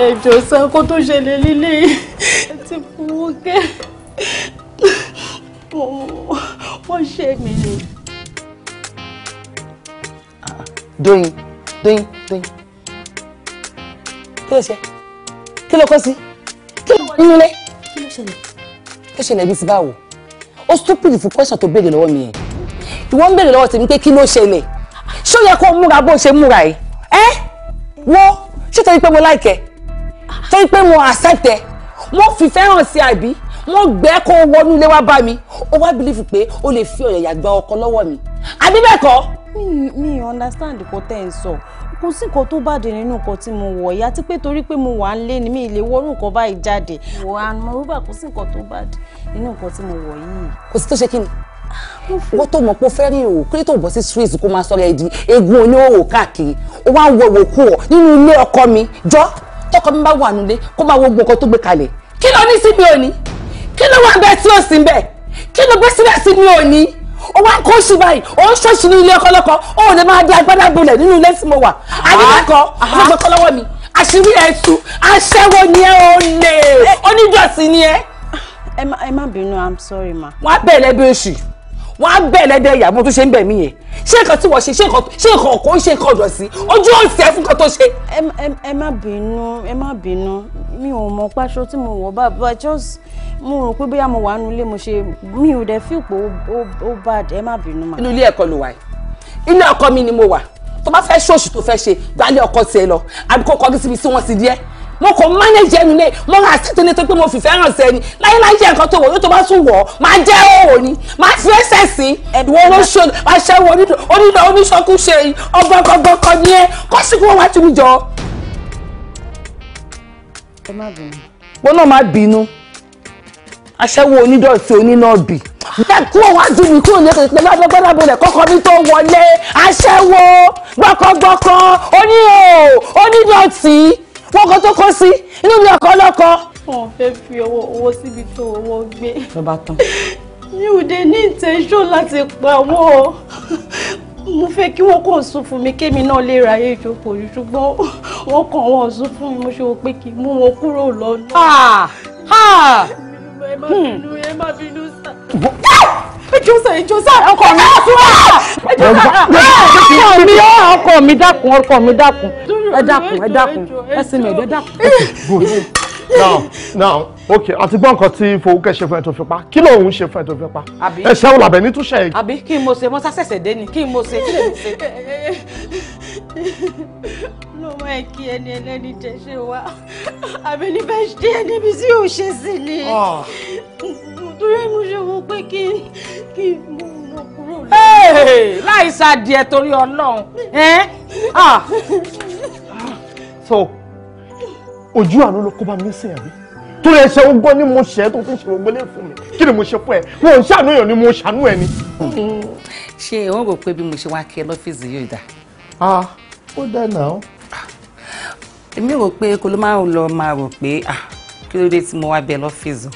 ẹjọ sá kó tó ṣẹlẹ̀ lílé ẹ ti fowó kẹ́ wọ́n ṣe mí ni. Doyin, doyin, doyin kí ló ṣe kí ló kó sí kí ló wọ nínú ilé kí ló ṣẹlẹ̀ kí ló ṣẹlẹ̀ bí ti báwo ó stupid fún question tó béèrè lọ́wọ́ mi yẹn ìwọ ń béèrè lọ́wọ́ tèmi pé kí ló ṣẹlẹ̀ ṣé ó yẹ kó múra bó ṣe múra yìí ẹ wo ṣé torí pé mo láìkẹ torí pé mo accept ẹ wọ́n fi sí àbí wọ́n gbẹ́ kó wọnú ilé wá bá mi ó wá bìlífù pé ó lè fi ọ̀yàyà gba ọkọ lọ́wọ́ mi àbí bẹ́ẹ̀ kọ́. mi mi understand kò tẹ́ ń sọ kò sí nǹkan tó bàjẹ́ nínú nǹkan tí mo wọ̀ yìí àti pé torí pé mo wà ń lé ni mi lè wọ́rù nǹkan báyìí jáde wò á mọ rúbà kò sí nǹkan tó bàjẹ́ nínú nǹkan tí mo wọ̀ yìí. kò sí tó ṣe kí ni ah, wọ́n tó mọ̀ pé ó fẹ́ rí òwò kí ló tó bọ́ sí street kó máa sọ̀rọ̀ ẹ̀ di egun oníhòòhò káàkiri ó wá ń wo òwò kú ọ nínú ilé ọkọ mi jọ tọkọ mi bá wà nílé kó máa wo gbogbo tó gbé kalẹ̀ kí ló ní síbi òní kí ló wà bẹ́ẹ̀ tí ó sì bẹ́ẹ̀ kí ló gbé síbẹ̀ síbi òní ó wá kó sí báyìí ó ń ṣọ́ọ̀ṣì ní ilé ọkọ lọ́kọ ó lè máa di agbádá gbolẹ̀ nínú ilé tí mo wà adébákọ ọmọkọ lọ́wọ́ mi àṣírí ẹ̀ tú aṣẹ́wó ni ẹ ò lè onídọ̀tí ni ẹ. ẹ má bínú i'm sorry ma. wọ́n á bẹ̀rẹ̀ bí oṣù wọ́n á bẹ̀ lẹ́dẹ̀ ìyàbọ̀ tó ṣe ń bẹ̀ mí yẹn ṣé nǹkan tí wọ́n ṣe ṣé nǹkan ṣé nǹkan ṣe nǹkan ọ̀dọ̀ sí ojú ọ̀sẹ̀ fún nǹkan tó ṣe. ẹ má bínú ẹ má bínú mi ò mọ páṣọ tí mo wọ̀ bàbá just mo rò pé bóyá mo wà nínú ilé mo ṣe mi ò dẹ̀ feel pé ó bad ẹ má bínú mà. inú ilé ẹ̀kọ́ ló wà inú ọkọ mi ni mo wà tó bá fẹ́ ṣòṣù tó fẹ́ ṣe gbalẹ̀ ọkọ tiẹ̀ lọ àbíkó kọ́gí síbi tí wọ́n ti mo kò manage ẹnu lé mo rà síta ní tó pé mo fìfẹ́ hàn sẹ́ni láyé láyé jẹ́ nǹkan tó wọ̀ yóò tó bá tún wọ̀ máa jẹ́ òwò ni máa fi ẹsẹ̀ sí ìwọ olóṣò aṣẹ́wó onídọ̀ oníṣọ́kú ṣe ọgbọ́nkọ́gbọ́nkọ́ ni ẹ kọ́ sí kí wọ́n wá tún mi jọ. wọn náà má bínú aṣẹ́wó onídọ̀tí onínàbì kú òwájú mi kúrò ní ẹ̀kọ́ lábẹ́gbẹ́lábẹ́lẹ̀ kọ́kọ́ ní tó wọlé aṣẹ́wó gbọ́kọ́gbọ́kọ́ oníhò onídọ̀tí wọ́n kan tó kó sí inú mi ọkọ lọ́kọ. wọn fẹ́ fi owó owó síbi tó owó gbé. ló bá tán. mi ò dé ní intention láti pawọ́ mo fẹ́ kí wọ́n kàn sún fún mi kémi náà lè ra ayé ìjókòó yìí ṣùgbọ́n wọ́n kàn wọ́n sún fún mi mo ṣe wò pé kí n mú wọn kúrò lọ́nà. ẹ má bínú ẹ má bínú sá. ẹ jọ sá ẹ jọ sá ọkọ mi ọkọ mi ọkọ mi dákun ọkọ mi dákun ẹ dákun ẹ dákun ẹ sinmi ẹ dákun. now now okay àti gbọ́n nǹkan tí fowókẹ́ ṣe fún ẹ tó fi pa kí ló ń ṣe fún ẹ tó fi pa ẹ ṣẹ́wọ̀n làbẹ̀ ní túṣẹ̀ yìí. àbí kí n mo ṣe mo ṣàṣẹ̀ṣẹ̀ dé ni kí n mo ṣe kí lè mi ṣe. lọ́wọ́ ẹ kí ẹni ẹlẹ́ni jẹ ṣe wá àbí ní bá dé ẹni bí tí yóò ṣe sí ni torí mo ṣe wo pé kí kí mo láì sàdìẹ torí Ọlọ́run so ojú àánú ló kó bá mi sìn àbí tó lè ṣe ogún ni mo ṣe tó fi ṣe ogún lè fún mi kí ni mo ṣe fún ẹ mo ń ṣàánú èèyàn ni mo ṣàánú ẹ ni. ṣé wọn rò pé bí mo ṣe wá kí ẹ lọ́fíìsì yóò dà. ah ó dá náà. èmi rò pé kó ló máa ń lọ máa rò pé kí ló dé tí mo wá bẹ lọ́fíìsì.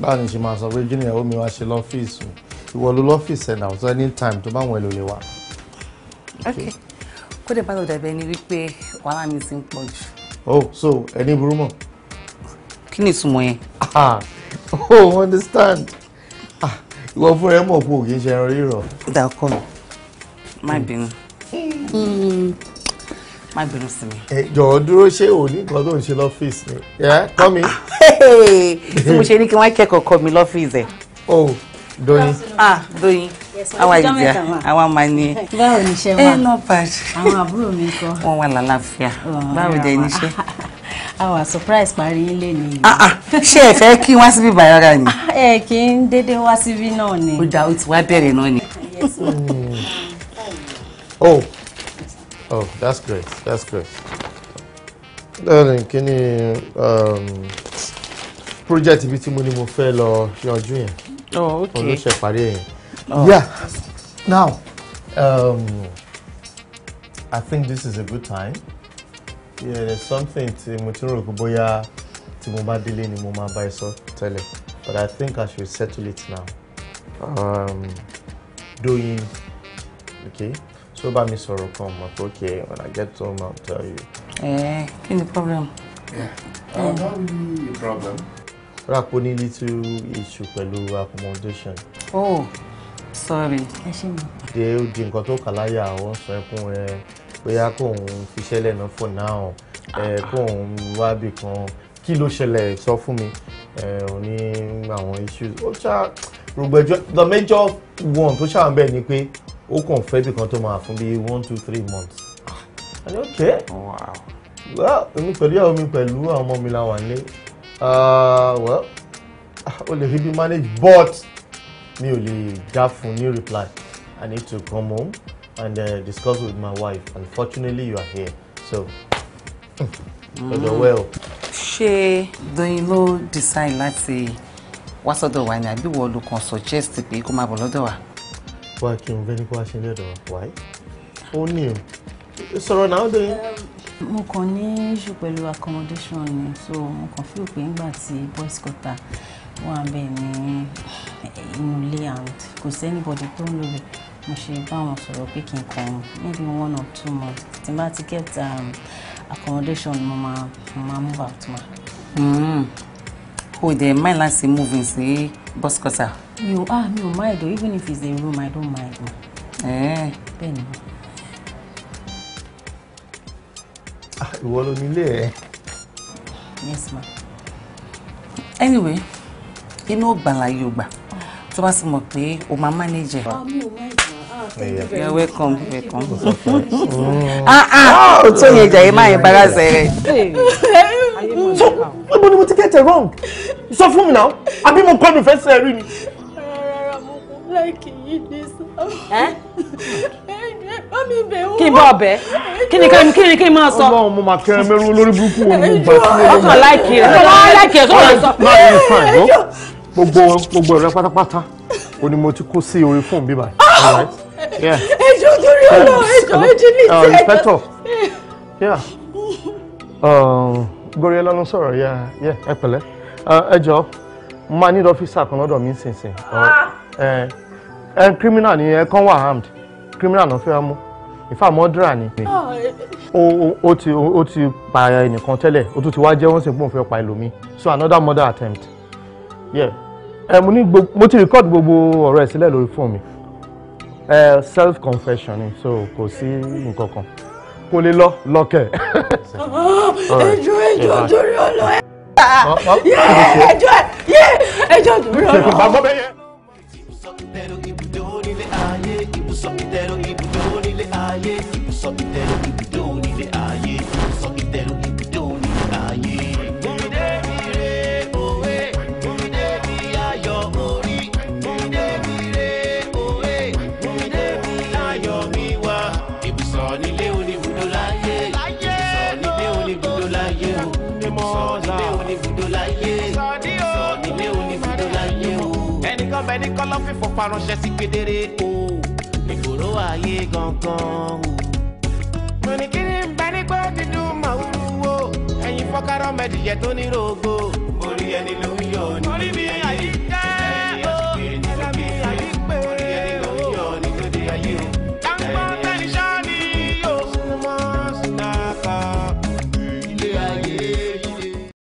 báwo ni ṣe máa sọ pé junior omi wá ṣe lọ́fíìsì o ìwọ ló lọ́fíìsì ẹ̀ náà so anytime tó bá wọn èlò lè wà. ok kó dé pàtó dẹ̀bẹ̀ ni wípé wàhálà mi ti ń pọ̀ jù. oh so ẹni burú mọ̀. kí ni ìtumọ̀ yẹn. Ah, oh understand ah, ìwọ fún ẹ mọ̀ pé òkè ṣe ẹran rírọ̀. ìdá ọkọ mi má hmm. bínú hmm. má bínú sí mi. ẹ eh, jọ̀wọ́ dúró ṣé o ní nǹkan tó ń ṣe lọ́fíìsì ni. Eh, kọ́ mi. tí mo ṣe ní kí wọ́n kẹ́kọ̀ọ́ kọ́ mi lọ́fíìsì ẹ̀. Oh, Doyin. Ah, Doyin. Àwọn àyíjà àwọn àmàní. Báwo ni iṣẹ́ wa? Ẹ náà pàṣẹ. Àwọn àbúrò mi kọ́. Wọ́n wà lálàáfíà. Báwo jẹ́ níṣẹ́? Àwa surprise parí ilé ni. Ah, ah. Ṣé ẹ fẹ́ kí wá síbí bàyára ni? Ah, ẹ kì í dédé wá síbí náà ni. Ó jà ó ti wá bẹ̀rẹ̀ náà ni. Hmm. Oh, oh, that's great, that's great. Darling, kí um, project ibi tí mo ní mo fẹ́ lọ yanjú yẹn? Oh, oh ok olóṣè parí ẹ̀ yeah now um, I think this is a good time yeah there's something tí mo ti rò pé bóyá tí mo bá délé ni mo máa bá ẹ sọ tẹ́lẹ̀ but I think I should settle it now um, doyin okay so bá mi sọ̀rọ̀ kan mọ̀ pé okay when I get home I'll tell you. ẹ eh, kí ni problem. Yeah. Uh, mm. Not problem. Rapo ní little issue pẹ̀lú accommodation. Oh, sorry. Ẹ ṣe mi. Ṣé ó di nǹkan tó kà láyà àwọn sọ ẹkún ẹ bóyá kò ń fiṣẹ́ lẹ́nu for now ẹ kò ń wábì kan kí ló ṣẹlẹ̀ sọ fún mi ẹ ò ní àwọn issues. Ó ṣá rògbẹ́jọ́ the major one tó ṣàwọn bẹ́ẹ̀ ni pé ó kàn fẹ́ bì kan tó máa fún bíi one two three months. Àní okay. Wow. Well, èmi pẹ̀lú ìyàwó mi pẹ̀lú àwọn ọmọ mi la wà nílé uh, well o lè rí manage but mi ò lè dá fún ní reply i need to come home and uh, discuss with my wife unfortunately you are here so ọjọ́ wẹ́ o. ṣé Doyin ló decide láti wá sọ́dọ̀ wa ni àbí wọ́n ló kàn suggest pé kó máa bọ̀ lọ́dọ̀ wa. wá kí n fẹ́ ní kó wá ṣe lọ́dọ̀ wa ó ní o sọ̀rọ̀ náà Doyin mo kàn ní issue pẹ̀lú accommodation ni so mo kàn feel pé ńgbà tí boys quarter wà bẹ́ẹ̀ ní inú ilé and kò sí anybody tó ń lò rẹ̀ mo ṣe bá wọn sọ̀rọ̀ pé kí n kàn maybe one or two months tí n bá ti get um, accommodation mo máa mo máa move out ma. Hmm. o dey mind láti move in sí boss quarter. mi ò ah mi ò mind o even if it's a room i don't mind Eh. bẹ́ẹ̀ ni ìwọ ló nílé ẹ. yes ma anyway inú ògbà láyé ògbà tó bá sì mọ̀ pé o máa manage. Ah, ah, you're welcome welcome. ah ah o tó yẹn jàyè máa yẹn bára sẹ́rẹ̀. so níbo ni mo ti get it wrong sọ fún mi náà àbí mo kọ́ mi fẹ́ sẹ́rí ni. rárá mo kò láìkì yìí dé sọ. kí n bọ̀ ọ̀bẹ kí ni kí ni kí ni máa sọ. ọlọ́run mo máa kẹrin mẹ́rú olórí burúkú wo ni mo gbà sílẹ̀ yìí. ọkàn láìkì rẹ̀ ọkàn láìkì rẹ̀ sọ̀rọ̀ sọ. má mi fà ẹ̀ gbogbo gbogbo ẹ̀rọ pátápátá o ni mo ti kó sí orí fóònù bíbá. Ah! ẹjọ́ torí ọ̀la ẹjọ́ ẹjọ́ ní uh, ìtẹ́jọ́. inspector um, Goriola ló ń sọ̀rọ̀ ẹ pẹ̀lẹ́ uh, ẹ jọ máa ní ọ́fíìsà kan lọ́dọ̀ mi nísinsìnyí ẹ uh, ah! eh, eh, criminal ni ẹ kàn wà armed criminal náà fẹ́ mú ìfà mọ́dúrà ni. Ah, ó ti ó ti pa ẹnìkan tẹ́lẹ̀ ó tún ti wá jẹ́ wọ́n sì ń pòun fẹ́ pa ẹlòmíì so another murder attempt. Yeah. Eh, mo ní mo ti record gbogbo ọ̀rọ̀ ẹ̀ sílẹ̀ lórí fóònù mi eh, self confession ni so kò sí nǹkan kan kò lè lọ lọ́kẹ̀. ẹjọ́ ẹjọ́ torí ọlọ ẹ. Oh, oh. ẹjọ́ ẹjọ́ torí ọlọ. sọ ìtẹ̀rù ibùdó nílé ayé sọ ìtẹ̀rù ibùdó re òwe, omidé mi ayọ̀ orí. Omidé re òwe, omidé mi ayọ̀ mi wá. Ibùsọ̀ nílé oníbùdó láyé. Ibùsọ̀ nílé oníbùdó láyé o. Ibùsọ̀ nílé oníbùdó láyé. Ibùsọ̀ nílé oníbùdó láyé o. Ẹnìkan bẹ ṣẹ́ sí kedere o. Ìgboro ayé gangan o mọ̀nìkìrì ń bẹ nígbó dídùn màwúrú wo ẹ̀yin fọ́kárọ́ mẹ́dìyẹ tó ní rògbò. orí ẹni ló ń yọ ní. orí mi yà.